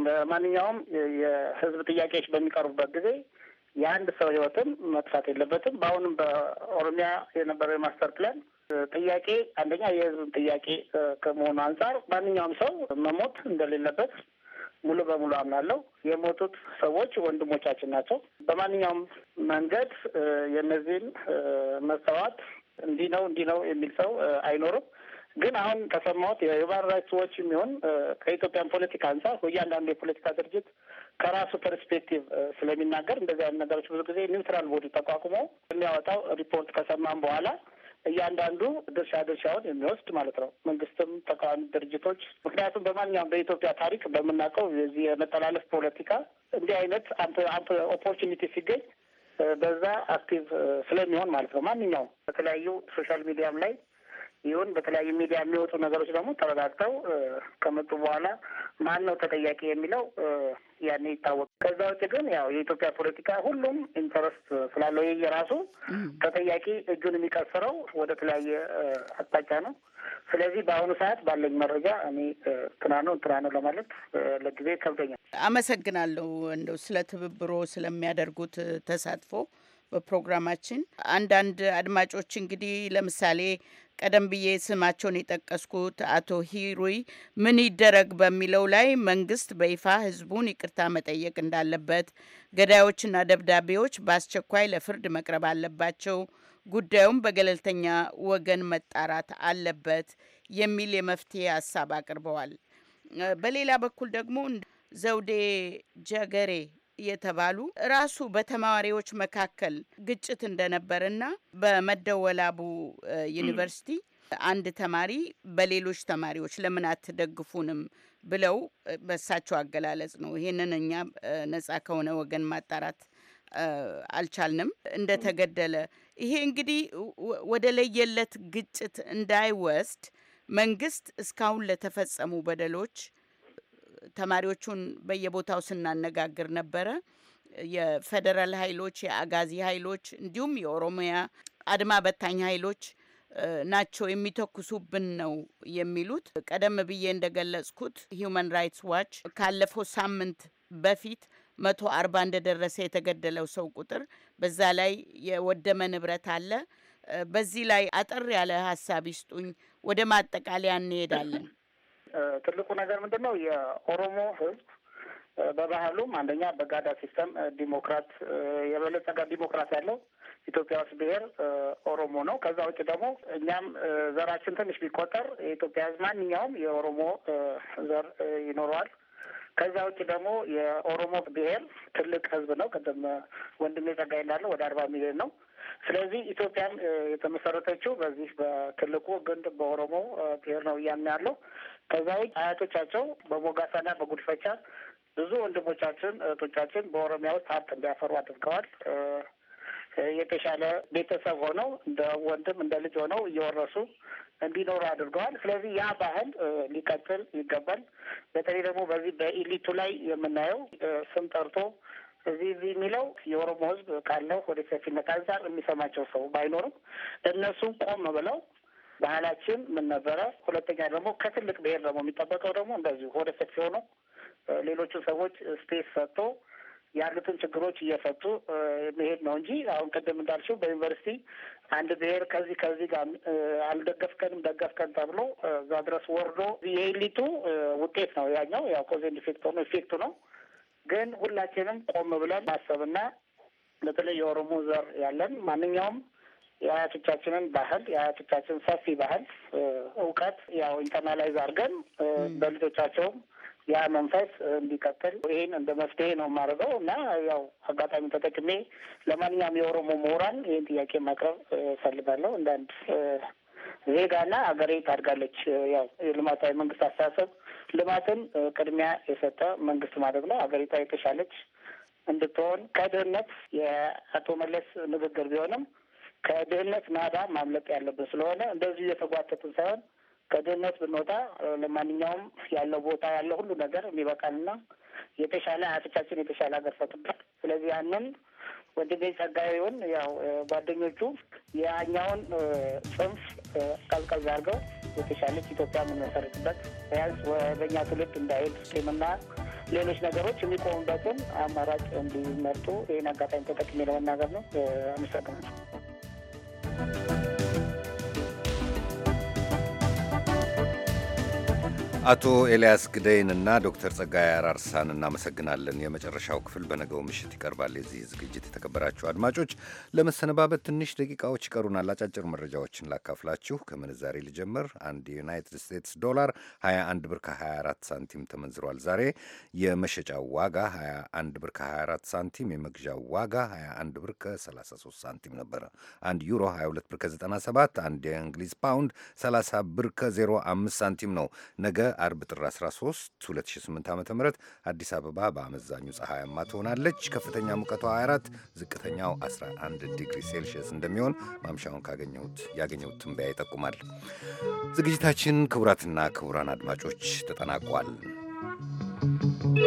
በማንኛውም የህዝብ ጥያቄዎች በሚቀርቡበት ጊዜ የአንድ ሰው ህይወትም መጥፋት የለበትም። በአሁንም በኦሮሚያ የነበረው የማስተር ፕላን ጥያቄ አንደኛ የህዝብ ጥያቄ ከመሆኑ አንጻር ማንኛውም ሰው መሞት እንደሌለበት ሙሉ በሙሉ አምናለሁ። የሞቱት ሰዎች ወንድሞቻችን ናቸው። በማንኛውም መንገድ የእነዚህን መስተዋት እንዲህ ነው እንዲህ ነው የሚል ሰው አይኖርም። ግን አሁን ከሰማሁት የሂውማን ራይትስ ዎች የሚሆን ከኢትዮጵያን ፖለቲካ አንጻር እያንዳንዱ የፖለቲካ ድርጅት ከራሱ ፐርስፔክቲቭ ስለሚናገር እንደዚህ አይነት ነገሮች ብዙ ጊዜ ኒውትራል ቦዲ ተቋቁሞ የሚያወጣው ሪፖርት ከሰማም በኋላ እያንዳንዱ ድርሻ ድርሻውን የሚወስድ ማለት ነው። መንግስትም፣ ተቃዋሚ ድርጅቶች። ምክንያቱም በማንኛውም በኢትዮጵያ ታሪክ በምናውቀው የዚህ የመጠላለፍ ፖለቲካ እንዲህ አይነት ኦፖርቹኒቲ ሲገኝ በዛ አክቲቭ ስለሚሆን ማለት ነው። ማንኛውም በተለያዩ ሶሻል ሚዲያም ላይ ይሁን በተለያዩ ሚዲያ የሚወጡ ነገሮች ደግሞ ተረጋግተው ከመጡ በኋላ ማን ነው ተጠያቂ የሚለው ያኔ ይታወቅ። ከዛ ውጭ ግን ያው የኢትዮጵያ ፖለቲካ ሁሉም ኢንተረስት ስላለው የራሱ ተጠያቂ እጁን የሚቀስረው ወደ ተለያየ አቅጣጫ ነው። ስለዚህ በአሁኑ ሰዓት ባለኝ መረጃ እኔ ትና ነው ትና ነው ለማለት ለጊዜ ከብደኛል። አመሰግናለሁ እንደው ስለ ትብብሮ ስለሚያደርጉት ተሳትፎ በፕሮግራማችን አንዳንድ አድማጮች እንግዲህ ለምሳሌ ቀደም ብዬ ስማቸውን የጠቀስኩት አቶ ሂሩይ ምን ይደረግ በሚለው ላይ መንግስት በይፋ ህዝቡን ይቅርታ መጠየቅ እንዳለበት፣ ገዳዮችና ደብዳቤዎች በአስቸኳይ ለፍርድ መቅረብ አለባቸው፣ ጉዳዩም በገለልተኛ ወገን መጣራት አለበት የሚል የመፍትሄ ሀሳብ አቅርበዋል። በሌላ በኩል ደግሞ ዘውዴ ጀገሬ የተባሉ ራሱ በተማሪዎች መካከል ግጭት እንደነበርና በመደወላቡ ዩኒቨርሲቲ አንድ ተማሪ በሌሎች ተማሪዎች ለምን አትደግፉንም ብለው በሳቸው አገላለጽ ነው። ይህንን እኛ ነጻ ከሆነ ወገን ማጣራት አልቻልንም። እንደተገደለ ይሄ እንግዲህ ወደ ለየለት ግጭት እንዳይወስድ መንግስት እስካሁን ለተፈጸሙ በደሎች ተማሪዎቹን በየቦታው ስናነጋግር ነበረ። የፌዴራል ኃይሎች፣ የአጋዚ ኃይሎች እንዲሁም የኦሮሚያ አድማ በታኝ ኃይሎች ናቸው የሚተኩሱብን ነው የሚሉት። ቀደም ብዬ እንደገለጽኩት ሂዩማን ራይትስ ዋች ካለፈው ሳምንት በፊት መቶ አርባ እንደደረሰ የተገደለው ሰው ቁጥር በዛ ላይ የወደመ ንብረት አለ። በዚህ ላይ አጠር ያለ ሀሳብ ይስጡኝ። ወደ ማጠቃለያ እንሄዳለን። ትልቁ ነገር ምንድን ነው? የኦሮሞ ህዝብ በባህሉም አንደኛ በጋዳ ሲስተም ዲሞክራት የበለጸጋ ዲሞክራሲ ያለው ኢትዮጵያ ውስጥ ብሔር ኦሮሞ ነው። ከዛ ውጭ ደግሞ እኛም ዘራችን ትንሽ ቢቆጠር የኢትዮጵያ ህዝብ ማንኛውም የኦሮሞ ዘር ይኖረዋል። ከዛ ውጭ ደግሞ የኦሮሞ ብሔር ትልቅ ህዝብ ነው። ቅድም ወንድሜ ጸጋይ እንዳለው ወደ አርባ ሚሊዮን ነው። ስለዚህ ኢትዮጵያም የተመሰረተችው በዚህ በትልቁ ግንድ በኦሮሞ ብሔር ነው እያምን ያለው ከዛ ውጭ አያቶቻቸው በሞጋሳና በጉድፈቻ ብዙ ወንድሞቻችን እህቶቻችን በኦሮሚያ ውስጥ ሀብት እንዲያፈሩ አድርገዋል። የተሻለ ቤተሰብ ሆነው እንደ ወንድም እንደ ልጅ ሆነው እየወረሱ እንዲኖሩ አድርገዋል። ስለዚህ ያ ባህል ሊቀጥል ይገባል። በተለይ ደግሞ በዚህ በኢሊቱ ላይ የምናየው ስም ጠርቶ እዚህ እዚህ የሚለው የኦሮሞ ሕዝብ ካለው ወደ ሰፊነት አንጻር የሚሰማቸው ሰው ባይኖርም እነሱም ቆም ብለው ባህላችን ምን ነበረ? ሁለተኛ ደግሞ ከትልቅ ብሔር ደግሞ የሚጠበቀው ደግሞ እንደዚሁ ሆደ ሰፊ ሆኖ ሌሎቹ ሰዎች ስፔስ ሰጥቶ ያሉትን ችግሮች እየፈቱ መሄድ ነው እንጂ አሁን ቅድም እንዳልሽው በዩኒቨርሲቲ አንድ ብሔር ከዚህ ከዚህ ጋር አልደገፍከንም ደገፍከን ተብሎ እዛ ድረስ ወርዶ የኤሊቱ ውጤት ነው ያኛው። ያው ኮዜንድ ኢፌክት ሆኖ ኢፌክቱ ነው። ግን ሁላችንም ቆም ብለን ማሰብና በተለይ የኦሮሞ ዘር ያለን ማንኛውም የአያቶቻችንን ባህል የአያቶቻችን ሰፊ ባህል እውቀት ያው ኢንተርናላይዝ አድርገን በልጆቻቸውም ያ መንፈስ እንዲቀጥል ይህን እንደ መፍትሄ ነው የማደርገው እና ያው አጋጣሚ ተጠቅሜ ለማንኛውም የኦሮሞ ምሁራን ይህን ጥያቄ ማቅረብ እፈልጋለሁ እንዳንድ ዜጋና ሀገሬ ታድጋለች። ያው የልማታዊ መንግስት አስተሳሰብ ልማትን ቅድሚያ የሰጠ መንግስት ማድረግ ነው። ሀገሪቷ የተሻለች እንድትሆን ከድህነት የአቶ መለስ ንግግር ቢሆንም ከድህነት ናዳ ማምለጥ ያለብን ስለሆነ እንደዚህ እየተጓተትን ሳይሆን ከድህነት ብንወጣ ለማንኛውም ያለው ቦታ ያለ ሁሉ ነገር የሚበቃንና የተሻለ አያቶቻችን የተሻለ ሀገር ፈጥሯል። ስለዚህ ያንን ወንድሜ ጸጋዬውን ያው ጓደኞቹ የኛውን ጽንፍ ቀልቀል አድርገው የተሻለች ኢትዮጵያ የምንመሰርትበት ያዝ በእኛ ትውልድ እንዳይል ስኪምና ሌሎች ነገሮች የሚቆሙበትን አማራጭ እንዲመርጡ ይህን አጋጣሚ ተጠቅሜ ለመናገር ነው። አመሰግናለሁ። Thank you. አቶ ኤልያስ እና ዶክተር ጸጋይ አራርሳን እናመሰግናለን። የመጨረሻው ክፍል በነገው ምሽት ይቀርባል። የዚህ ዝግጅት የተከበራችሁ አድማጮች፣ ለመሰነባበት ትንሽ ደቂቃዎች ይቀሩናል። አጫጭር መረጃዎችን ላካፍላችሁ። ከምንዛሬ ልጀምር። አንድ የዩናይትድ ስቴትስ ዶላር 21 ብር ከ24 ሳንቲም ተመንዝሯል። ዛሬ የመሸጫው ዋጋ 21 ብር ከ24 ሳንቲም፣ የመግዣው ዋጋ 21 ብር ከ33 ሳንቲም ነበረ። አንድ ዩሮ 22 ብር ከ97፣ አንድ የእንግሊዝ ፓውንድ 30 ብር ከ05 ሳንቲም ነው። ነገ አርብ ጥር 13 2008 ዓ ም አዲስ አበባ በአመዛኙ ፀሐያማ ትሆናለች። ከፍተኛ ሙቀቷ 24፣ ዝቅተኛው 11 ዲግሪ ሴልሽየስ እንደሚሆን ማምሻውን ካገኘሁት ያገኘሁት ትንበያ ይጠቁማል። ዝግጅታችን ክቡራትና ክቡራን አድማጮች ተጠናቋል። Thank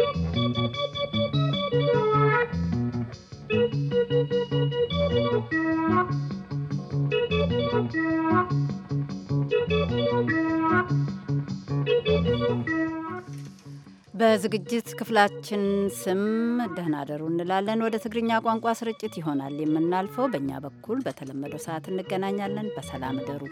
you. በዝግጅት ክፍላችን ስም ደህና ደሩ እንላለን። ወደ ትግርኛ ቋንቋ ስርጭት ይሆናል የምናልፈው። በእኛ በኩል በተለመደው ሰዓት እንገናኛለን። በሰላም ደሩ።